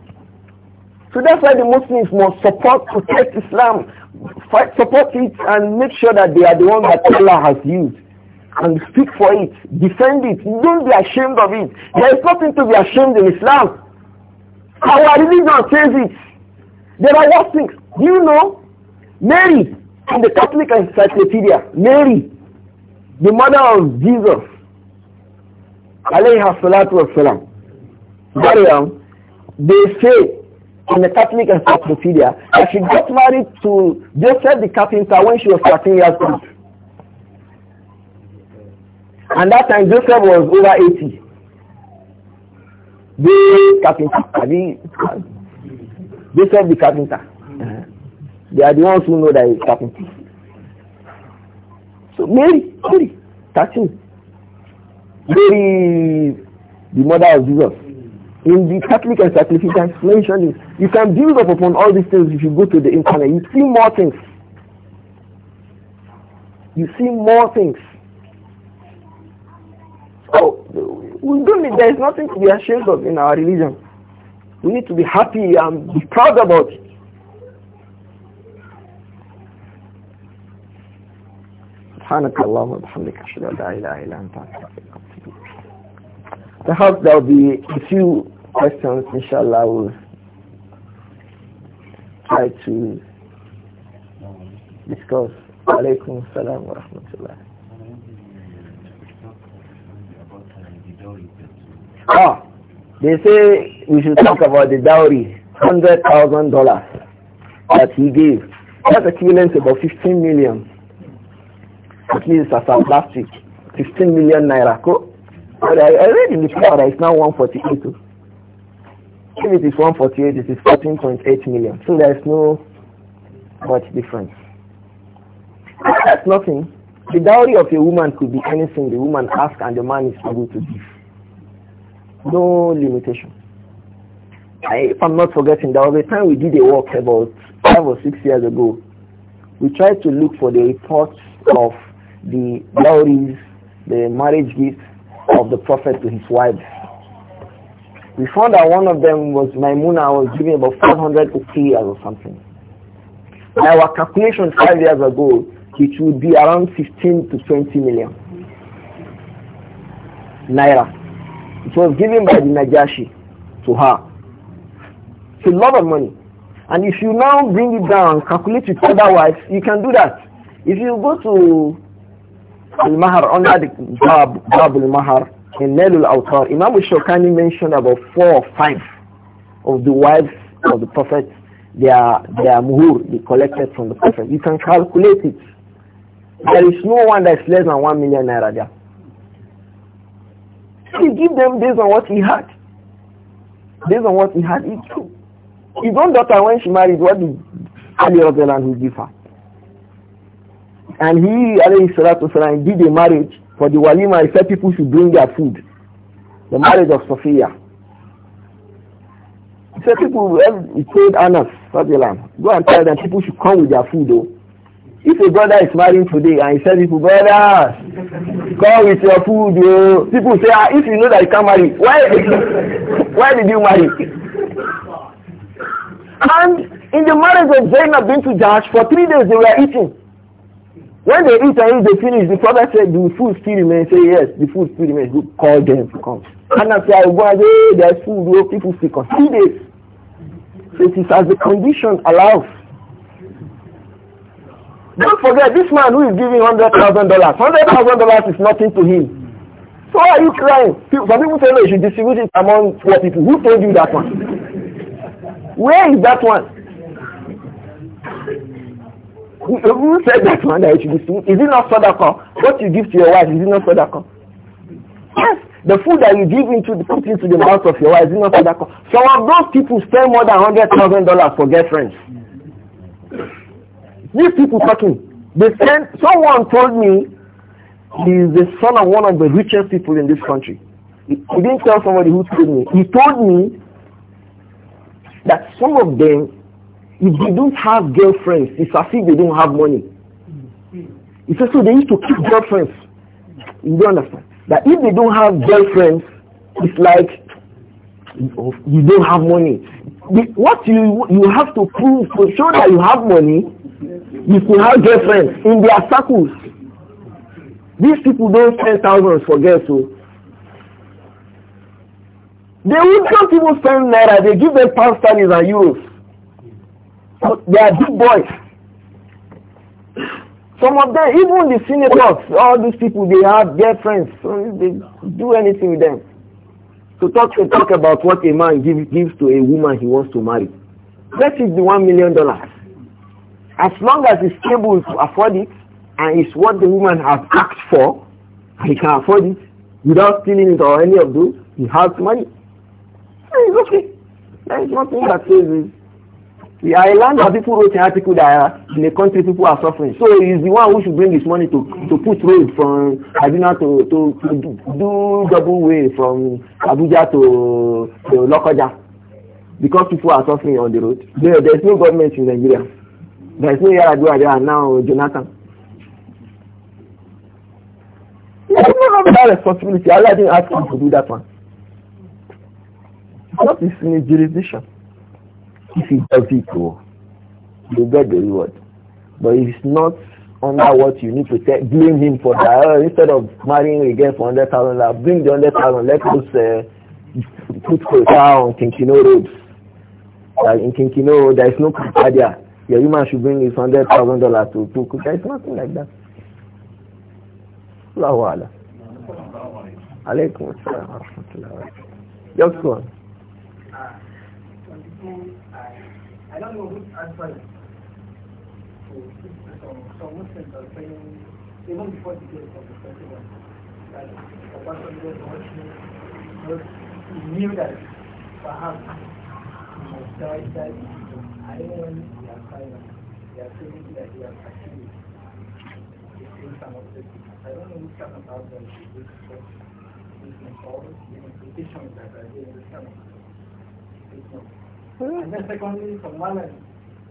So that's why the Muslims must support, protect Islam, fight, support it, and make sure that they are the ones that Allah has used and speak for it, defend it. Don't be ashamed of it. There is nothing to be ashamed in Islam. Our religion says it. There are what things. Do you know? Mary, in the Catholic Encyclopedia, Mary, the mother of Jesus, alayha salatu wasalam, Maryam, they say in the Catholic Encyclopedia that she got married to Joseph the carpenter when she was 13 years old. And that time Joseph was over 80. The carpenter, they, they said the carpenter. They are the ones who know that it's carpenter. So Mary, Mary, 13. Mary the mother of Jesus. In the Catholic encyclopedia, mentioned this. You can build up upon all these things if you go to the internet. You see more things. You see more things. So we don't need, there is nothing to be ashamed of in our religion. We need to be happy and be proud about it. سبحانك اللهم وبحمدك أشهد أن لا إله إلا أنت Perhaps there will be a few questions, inshallah, we'll try to discuss. Alaykum salam wa rahmatullah. Ah, they say we should talk about the dowry, hundred thousand dollars that he gave. That's equivalent to about fifteen million. At least as of last week, fifteen million naira. But I, read in the paper that it's now one forty eight. If it is one forty eight, it is fourteen point eight million. So there is no much difference. That's nothing. The dowry of a woman could be anything the woman asks and the man is able to give. No limitation. I, if I'm not forgetting, there was a time we did a work about five or six years ago. We tried to look for the reports of the dowries, the marriage gifts of the Prophet to his wives. We found that one of them was Maimuna was giving about 500 years or something. our calculation five years ago, it would be around 15 to 20 million naira it was given by the Najashi to her. It's a lot of money. And if you now bring it down, calculate it otherwise, you can do that. If you go to Al-Mahar, under the Bab, Al-Mahar, in Nelul Awtar, Imam Shokani mentioned about four or five of the wives of the Prophet, their, their muhur, they collected from the Prophet. You can calculate it. There is no one that is less than one million naira there. He give them based on what he had. Based on what he had, he took. His own daughter, when she married, what did Ali would give her? And he, alayhi salatu salam, did a marriage for the walima. He said people should bring their food. The marriage of Sophia. He said people, he told Anas, go and tell them people should come with their food though. If a brother is marrying today and he says, people, brothers, come with your food, yo. people say, ah, if you know that you can't marry, why, why did you marry? And in the marriage of Zainab been to Jash, for three days they were eating. When they eat and eat, they finish. The brother said, the food still remains. Say, yes, the food still remains. Who call them to come. And I say, I go and say, there's food, yo. people still come. Three days. So it is as the condition allows. Don't forget, this man who is giving $100,000, $100,000 is nothing to him. So why are you crying? some people say, no, you should distribute it among poor people. Who told you that one? Where is that one? Who, who said that one that you should distribute? Is it not sadaqah? What you give to your wife, is it not sadaqah? Yes, the food that you give into the, put into the mouth of your wife, is it not sadaqah? Some of those people spend more than $100,000 for girlfriends. These people talking. They send, someone told me he is the son of one of the richest people in this country. He, he didn't tell somebody who told me. He told me that some of them, if they don't have girlfriends, it's as if they don't have money. He said, so they need to keep girlfriends. You don't understand. That if they don't have girlfriends, it's like you don't have money. what you you have to prove to show that you have money you could have girlfriends friends in their circles. These people don't spend thousands for girls. So. Oh. They would not even spend naira. They give them pound sterling and euros. But they are big boys. Some of them, even the senators, all these people, they have girlfriends. So they do anything with them. So talk to talk about what a man give, gives to a woman he wants to marry. That is the one million dollars. As long as he's able to afford it and it's what the woman has asked for, he can afford it without stealing it or any of those, he has money. It's okay. There is nothing that says yeah, I learned that people wrote an article that uh, in the country people are suffering. So he's the one who should bring his money to, to put road from Kaduna to, to, to do double way from Abuja to, to Lokoja because people are suffering on the road. There, there's no government in Nigeria. There's no Yaradua there now, Jonathan. You don't have that responsibility. I didn't ask you to do that one. Not his jurisdiction. If he does it, oh, you get the reward. But it's not under what you need to take, blame him for that. Uh, instead of marrying again for 100,000, like, uh, bring the 100,000, let us uh, put Kota on Kinkino Road. Like in Kinkino, there is no Kota there. Your human should bring his hundred thousand dollars to to kuka. It's nothing like that. Allahu Ala. Alaykum assalam Just one. I don't know which answer some Muslims are saying, even before the date of the festival, that Obasanjo was knew that perhaps he must die, that anyone Hmm. And then secondly, from Malan,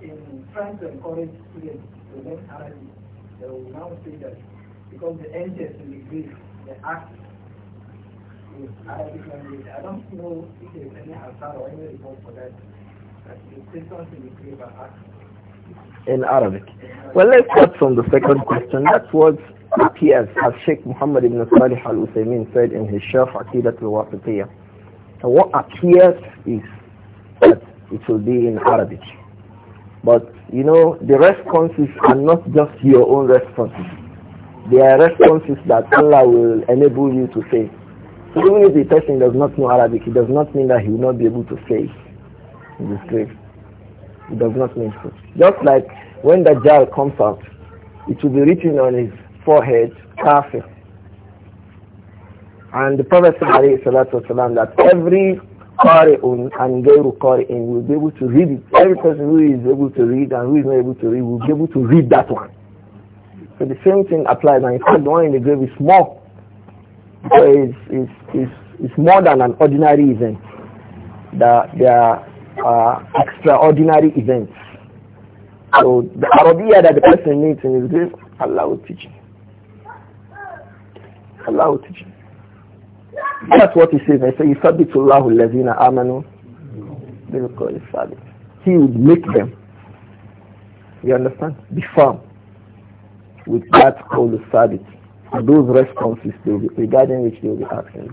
in trying to encourage students to learn Arabic, they will now say that because the angels in the Greek, they act with Arabic language. I don't know if there is any answer or any report for that, that the Christians in the Greek are acting in Arabic. Well, let's start from the second question. That's what appears as Sheikh Muhammad ibn Salih al-Uthaymeen said in his Sharf Aqidat al-Wasitiyah. So what appears is that it will be in Arabic. But, you know, the responses are not just your own responses. They are responses that Allah will enable you to say. So even if the person does not know Arabic, it does not mean that he will not be able to say in this grave it does not mean so. Just like when the jar comes out, it will be written on his forehead, kafir. And the Prophet والسلام, that every qari'un and gairu qari'un will be able to read it. Every person who is able to read and who is not able to read will be able to read that one. So the same thing applies. And in fact, the one in the grave is more. So it's, it's, it's, it's more than an ordinary event. That there uh, extraordinary events. So the Arabiya that the person needs in his grave, Allah will teach him. Allah will teach him. That's what he says. I say, يثبت الله الذين آمنوا it الثابت. He would make them. You understand? Be firm with that call the sabbath. Those responses will be, regarding which they will be asking.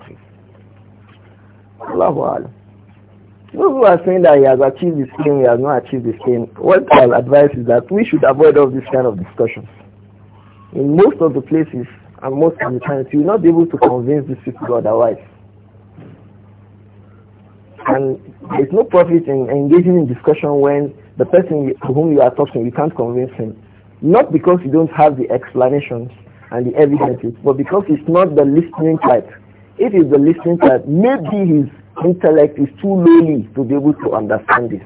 Allahu Alam. Those who are saying that he has achieved his thing, he has not achieved his thing. what I'll advise is that we should avoid all these kind of discussions. In most of the places and most of the times, you will not be able to convince these people otherwise. And there's no profit in engaging in discussion when the person to whom you are talking, you can't convince him. Not because you don't have the explanations and the evidences, but because he's not the listening type. If he's the listening type, maybe he's Intellect is too lowly to be able to understand this.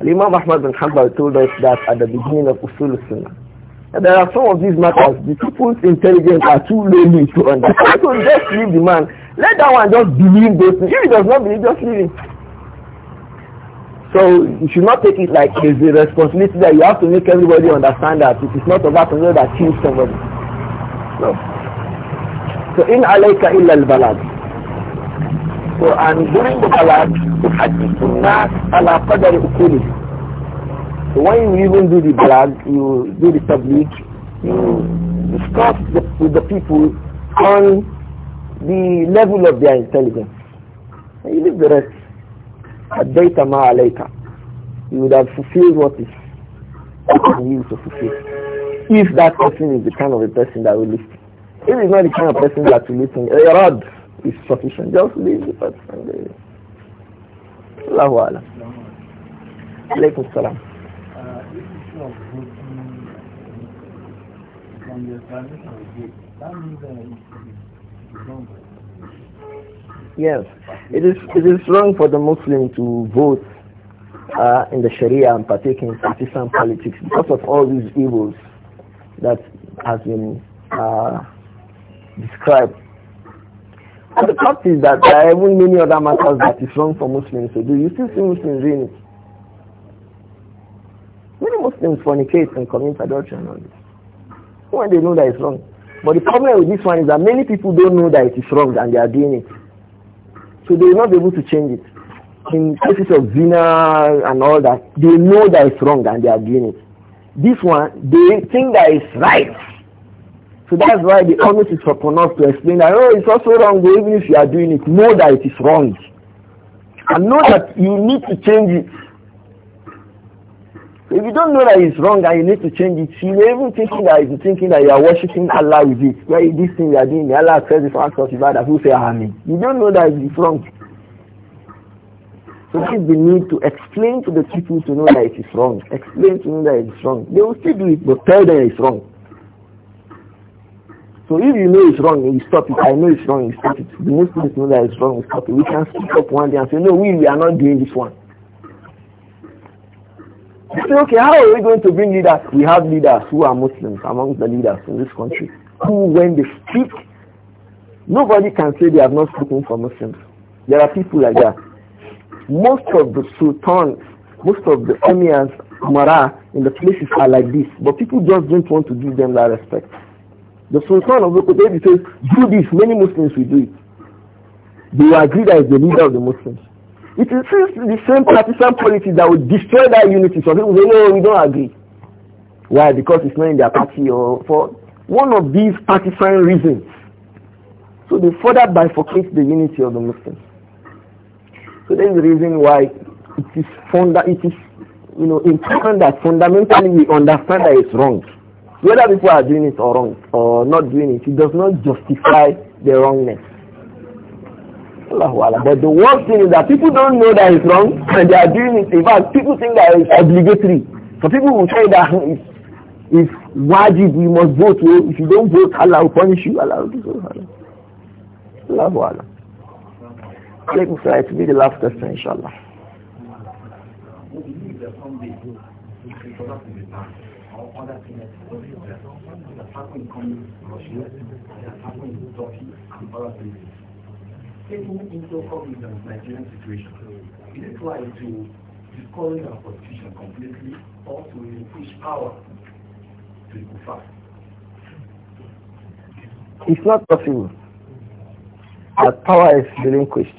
Imam Ahmad bin Hanbal told us that at the beginning of Usul Sunnah. there are some of these matters, the people's intelligence are too lowly to understand. So just leave the man. Let that one just believe those things. If he does not believe, just leave him. So you should not take it like it's a responsibility that you have to make everybody understand that it is not about know that kills somebody. No. So in alayka illa al-balad. So, and during the salat, the hadith sunnah ala the ukuli. So when you even do the balag, you do the tabligh, you discuss the, with the people on the level of their intelligence. And you leave the rest. Adaita ma later. You would have fulfilled what is on you to fulfill. If that person is the kind of a person that will listen. If he's not the kind of person that will listen, a rod is sufficient. Just leave the person there. Allahu Ala. Alaykum salam. Yes, it is it is wrong for the Muslim to vote uh, in the Sharia and partake in partisan politics because of all these evils that has been uh, described and the fact is that there are even many other matters that is wrong for Muslims to do. You still see Muslims doing it. Many Muslims fornicate and commit adultery and all this. When they know that it's wrong. But the problem with this one is that many people don't know that it is wrong and they are doing it. So they will not be able to change it. In cases of zina and all that, they know that it's wrong and they are doing it. This one, they think that it's right so that's why the onus is upon us to explain that, oh, it's also wrong, but even if you are doing it, know that it is wrong. And know that you need to change it. if you don't know that it's wrong and you need to change it, you may even thinking that you thinking that you are worshipping Allah with it. Where this thing you are doing, Allah says this one that who say Amen. You don't know that it's wrong. So this is the need to explain to the people to know that it is wrong. Explain to them that it is wrong. They will still do it, but tell them it's wrong. So if you know it's wrong, you stop it. I know it's wrong, you stop it. The Muslims know that it's wrong, you stop it. We can speak up one day and say, no, we, we are not doing this one. You say, okay, how are we going to bring leaders? We have leaders who are Muslims amongst the leaders in this country who, when they speak, nobody can say they have not spoken for Muslims. There are people like that. Most of the sultans, most of the emirs, mara, in the places are like this, but people just don't want to give them that respect. The Sultan of Qutayb says, do this, many Muslims will do it. They will agree that is the leader of the Muslims. It is the same partisan politics that will destroy that unity. they people say, no, we don't agree. Why? Because it's not in their party or for one of these partisan reasons. So they further bifurcate the unity of the Muslims. So that is the reason why it is funda it is you know important that fundamentally we understand that it's wrong. Whether people are doing it or wrong or not doing it, it does not justify the wrongness. But the worst thing is that people don't know that it's wrong and they are doing it. In fact, people think that it's obligatory. So people will say that it's, it's wajib, We must vote. If you don't vote, Allah will punish you. Allah will do so. Allah. Allah. Let be the last question, inshallah. believe that someday, if the or other things in Turkey, and other places. Taking into the Nigerian situation, is it right to discourage our politician completely or to push power to the kuffar? It's not possible that power is relinquished.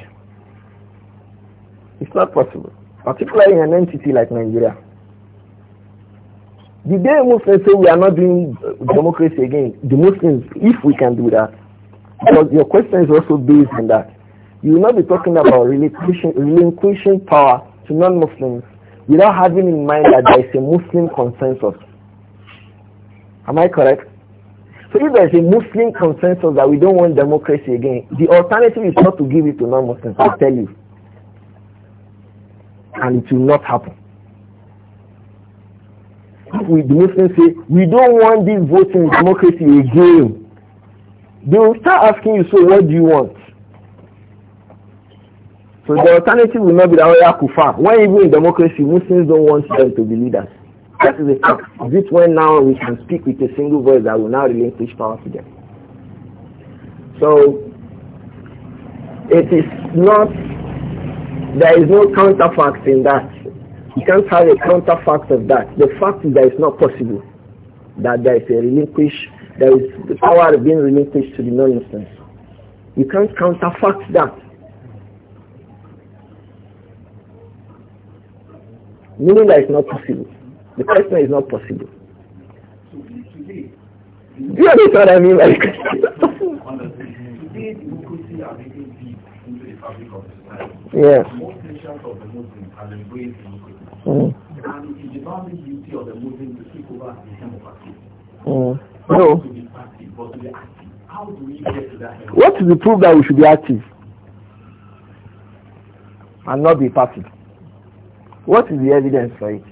It's not possible, particularly in an entity like Nigeria. The day Muslims say we are not doing uh, democracy again, the Muslims, if we can do that, because your question is also based on that, you will not be talking about relinquishing, relinquishing power to non-Muslims without having in mind that there is a Muslim consensus. Am I correct? So if there is a Muslim consensus that we don't want democracy again, the alternative is not to give it to non-Muslims, I tell you. And it will not happen. With the Muslims say we don't want this voting democracy again, they will start asking you, so what do you want? So the alternative will not be that way oh, kufa. When even in democracy, Muslims don't want them to be leaders. That is the fact. This when now we can speak with a single voice that will now relinquish power to them. So it is not there is no counterfact in that. You can't have a counterfact of that. The fact is that it's not possible that there is a relinquish, there is the power being relinquished to the non-Muslims. You can't counterfact that. Meaning that it's not possible. The question is not possible. Do you understand what I mean by the Mm. And if the to the no. how do we get to What is the proof that we should be active and not be passive? What is the evidence for it?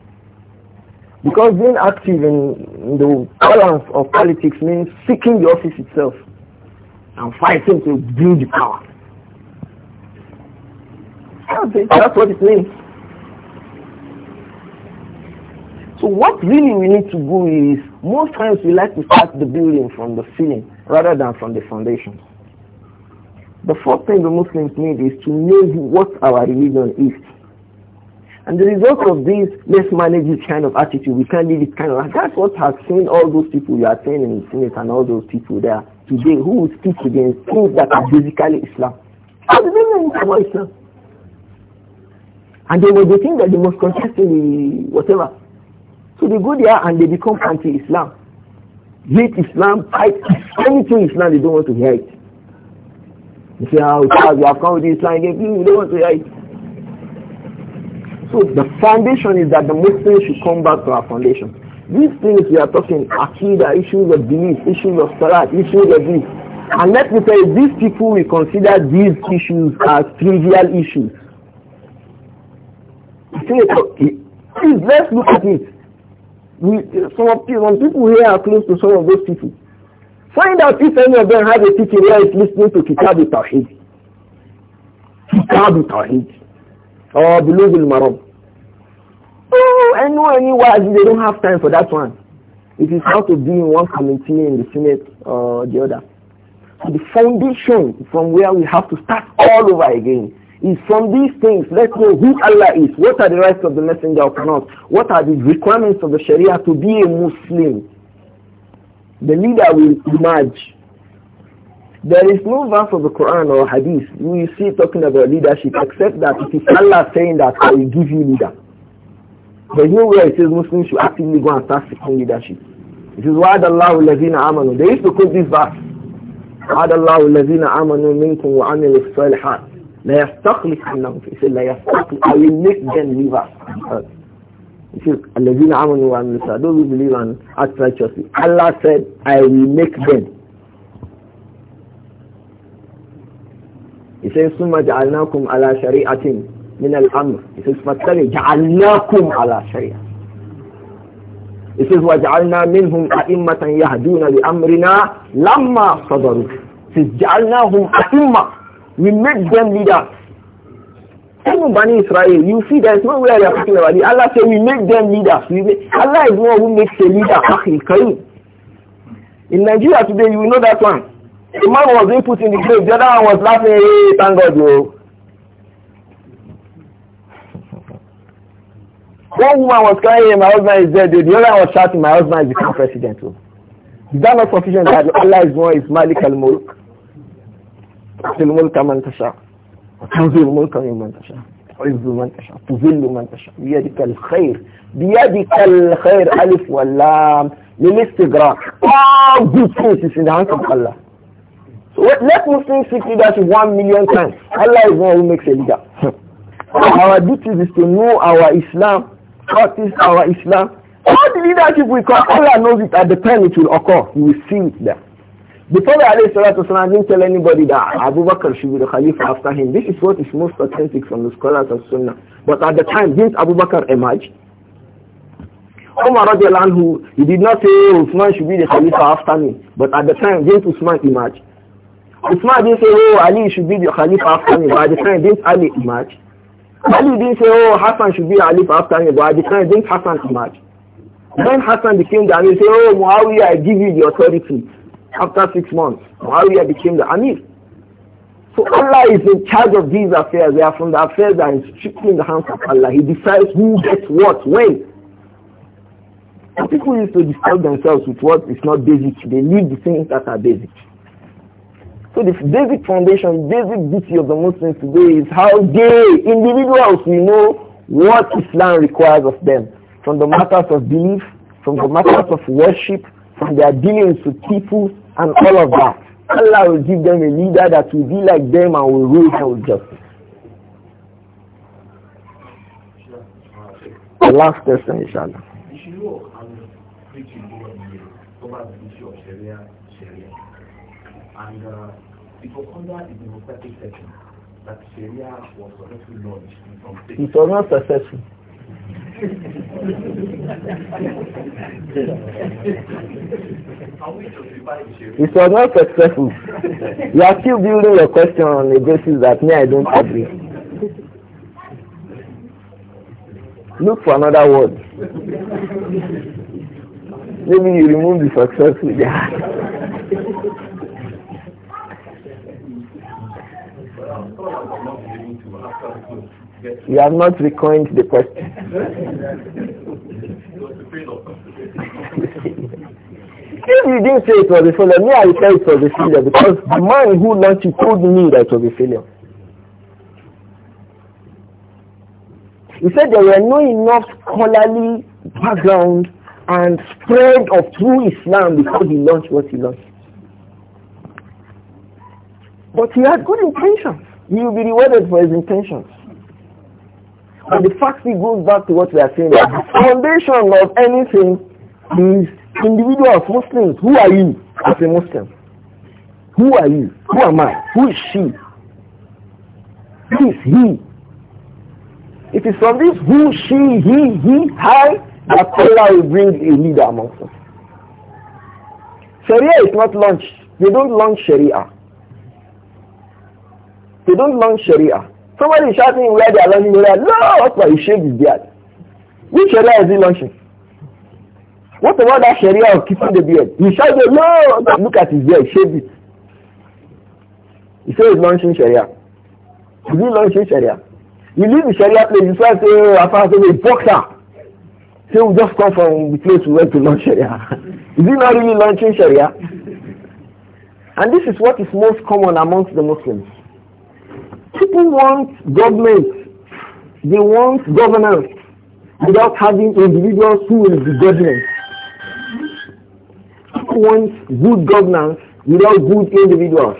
Because being active in, the balance of politics means seeking the office itself and fighting to build the power. That's what it means. So what really we need to do is, most times we like to start the building from the ceiling rather than from the foundation. The fourth thing the Muslims need is to know what our religion is. And the result of this, let's manage this kind of attitude. We can't leave this kind of That's what has seen all those people you are saying in the Senate and all those people there today who speak against things that are basically Islam. How do they know about Islam? And they, they think that they must contest the whatever. So they go there and they become anti-Islam. Hate Islam, fight anything Islam, they don't want to hear it. You say, oh, ah, Charles, you have come with Islam again, you don't want to hear it. So the foundation is that the Muslims should come back to our foundation. These things we are talking, akida, issues of belief, issues of salat, issues of this. And let me tell you, these people will consider these issues as trivial issues. Please, let's look at it we, some, of, some people here are close to some of those people. Find out if any of them have a teacher where is listening to Kitab Tawhid. tawheed Kitab Or Bulug al Oh, I know any wise, they don't have time for that one. It is not a being one committee in the Senate or the other. So the foundation from where we have to start all over again is from these things. Let's know who Allah is. What are the rights of the messenger of Allah? What are the requirements of the Sharia to be a Muslim? The leader will emerge. There is no verse of the Quran or Hadith we see talking about leadership except that it is Allah saying that I will give you leader. There's nowhere it says Muslims should actively go and start seeking leadership. This is why Allah Lazina Amanu. They used to quote this verse. عَدَ اللَّهُ الَّذِينَ آمَنُوا wa وَعَمِلُوا الصَّالِحَاتِ لا يستقلق عنه في سلا يستقلق أو will make them الذين عملوا عن النساء those who believe and act righteously Allah said I will make them He says ثم جعلناكم على شريعة من الأمر He says فاتبعوا جعلناكم على شريعة He says وجعلنا منهم أئمة يهدون لأمرنا لما صدروا He says جعلناهم أئمة We make them leaders. Even Bani Israel, you see there is no way they are talking about it. Allah said we make them leaders. We make, Allah is one who makes a leader. In Nigeria today, you know that one. The man was being put in the grave, the other one was laughing, hey, thank God, yo. One woman was crying, hey, my husband is dead, the other one was shouting, my husband is become president. Oh. Is that not sufficient that Allah is one, is Malik al-Muluk? تؤتي الملك من تشاء وتنزل الملك من تشاء تعز من تشاء تذل من تشاء بيدك الخير بيدك الخير ألف واللام للاستغراق all في things is الله so let Muslims see seek leadership one million times Allah is the one who makes a leader our duty is to know our Islam practice our Islam all the leadership we call Allah knows it at the time it will occur you will see it there The Prophet ﷺ didn't tell anybody that Abu Bakr should be the Khalifa after him. This is what is most authentic from the scholars of Sunnah. But at the time, didn't Abu Bakr emerge? Umar who he did not say oh, Usman should be the Khalifa after me. But at the time, didn't Usman emerge? Usman didn't say, oh, Ali should be the Khalifa after me. But at the time, didn't Ali emerge? Ali didn't say, oh, Hassan should be the Ali after me. But at the time, didn't Hassan emerge? When Hassan became the Ali, he said, oh, Muawiyah, I give you the authority. After six months, Muawiyah became the Amir. So Allah is in charge of these affairs. They are from the affairs that is strictly in the hands of Allah. He decides who gets what, when. And people used to disturb themselves with what is not basic. They leave the things that are basic. So the basic foundation, basic duty of the Muslims today is how they, individuals, we know what Islam requires of them. From the matters of belief, from the matters of worship, from their dealings with people, and all of that. Allah will give them a leader that will be like them and will rule them with justice. The last question, inshallah. And uh, it was under the democratic setting that Sharia was successfully launched in some states. It was not successful. It was not successful. you are still building your question on a basis that me I don't agree. Look for another word. Maybe you remove the successful. Yeah. You have not recoined the question. If you didn't say it was a failure, me I will say it was a failure because the man who launched it told me that it was a failure. He said there were no enough scholarly background and spread of true Islam before he launched what he launched. But he had good intentions. He will be rewarded for his intentions. And the fact he goes back to what we are saying, the foundation of anything is individuals, Muslims, who are you as a Muslim? Who are you? Who am I? Who is she? Who is he? It is from this who, she, he, he, I that Allah will bring a leader amongst us. Sharia is not launched. They don't launch Sharia. They don't launch Sharia. Somebody is shouting where they are launching, no, that's why he shaved his beard. Which Sharia is he launching? What about that Sharia of keeping the beard? You shall no, look at his beard, shave it. He says he's launching Sharia. Is he launching Sharia? He leave the Sharia place, He start saying, I found a boxer. So we just come from the place we went to launch Sharia. is he not really launching Sharia? And this is what is most common amongst the Muslims. People want government. They want governance without having individuals who will be governance wants good governance without good individuals.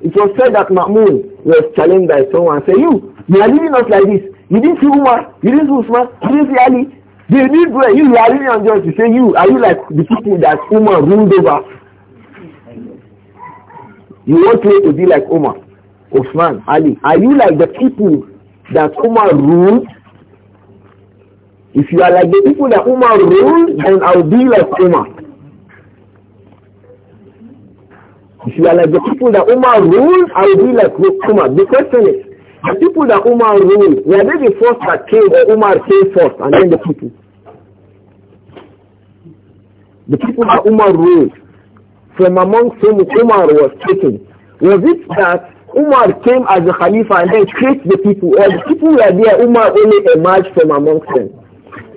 It was said that Mahmoud was challenged by someone say, you, you are leaving us like this. You didn't see Umar, you didn't see Usman, you didn't see Ali. They did well. you are living on justice. Say you, are you like the people that Umar ruled over? You want me to be like Umar, Usman, Ali. Are you like the people that Umar ruled? If you are like the people that Umar ruled, then I'll be like Umar. If you are like the people that Umar ruled, I will be like Umar. The question is, the people that Umar ruled, were they the first that came or Umar came first and then the people? The people that Umar ruled, from among whom Umar was taken, was it that Umar came as the Khalifa and then created the people, or the people were there, Umar only emerged from amongst them?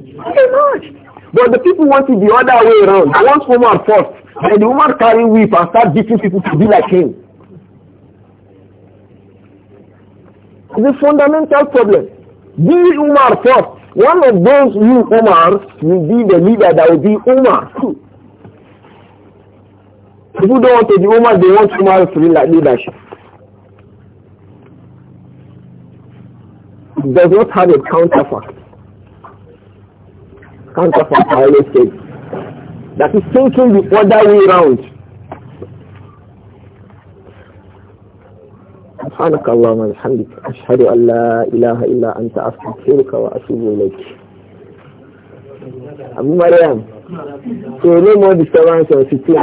He emerged. But the people want it the other way around. They want woman first. Then the woman carry whip and start beating people to be like him. It's a fundamental problem. Be Umar first. One of those new Umars will be the leader that will be Umar too. People don't want to be Umar, they want Umar to be like leadership. It does not have a counterfact counterfeit I said. That is thinking the other way round. سبحانك اللهم وبحمدك أشهد أن لا إله إلا أنت أستغفرك وأتوب إليك أبو مريم So no more disturbance on 15.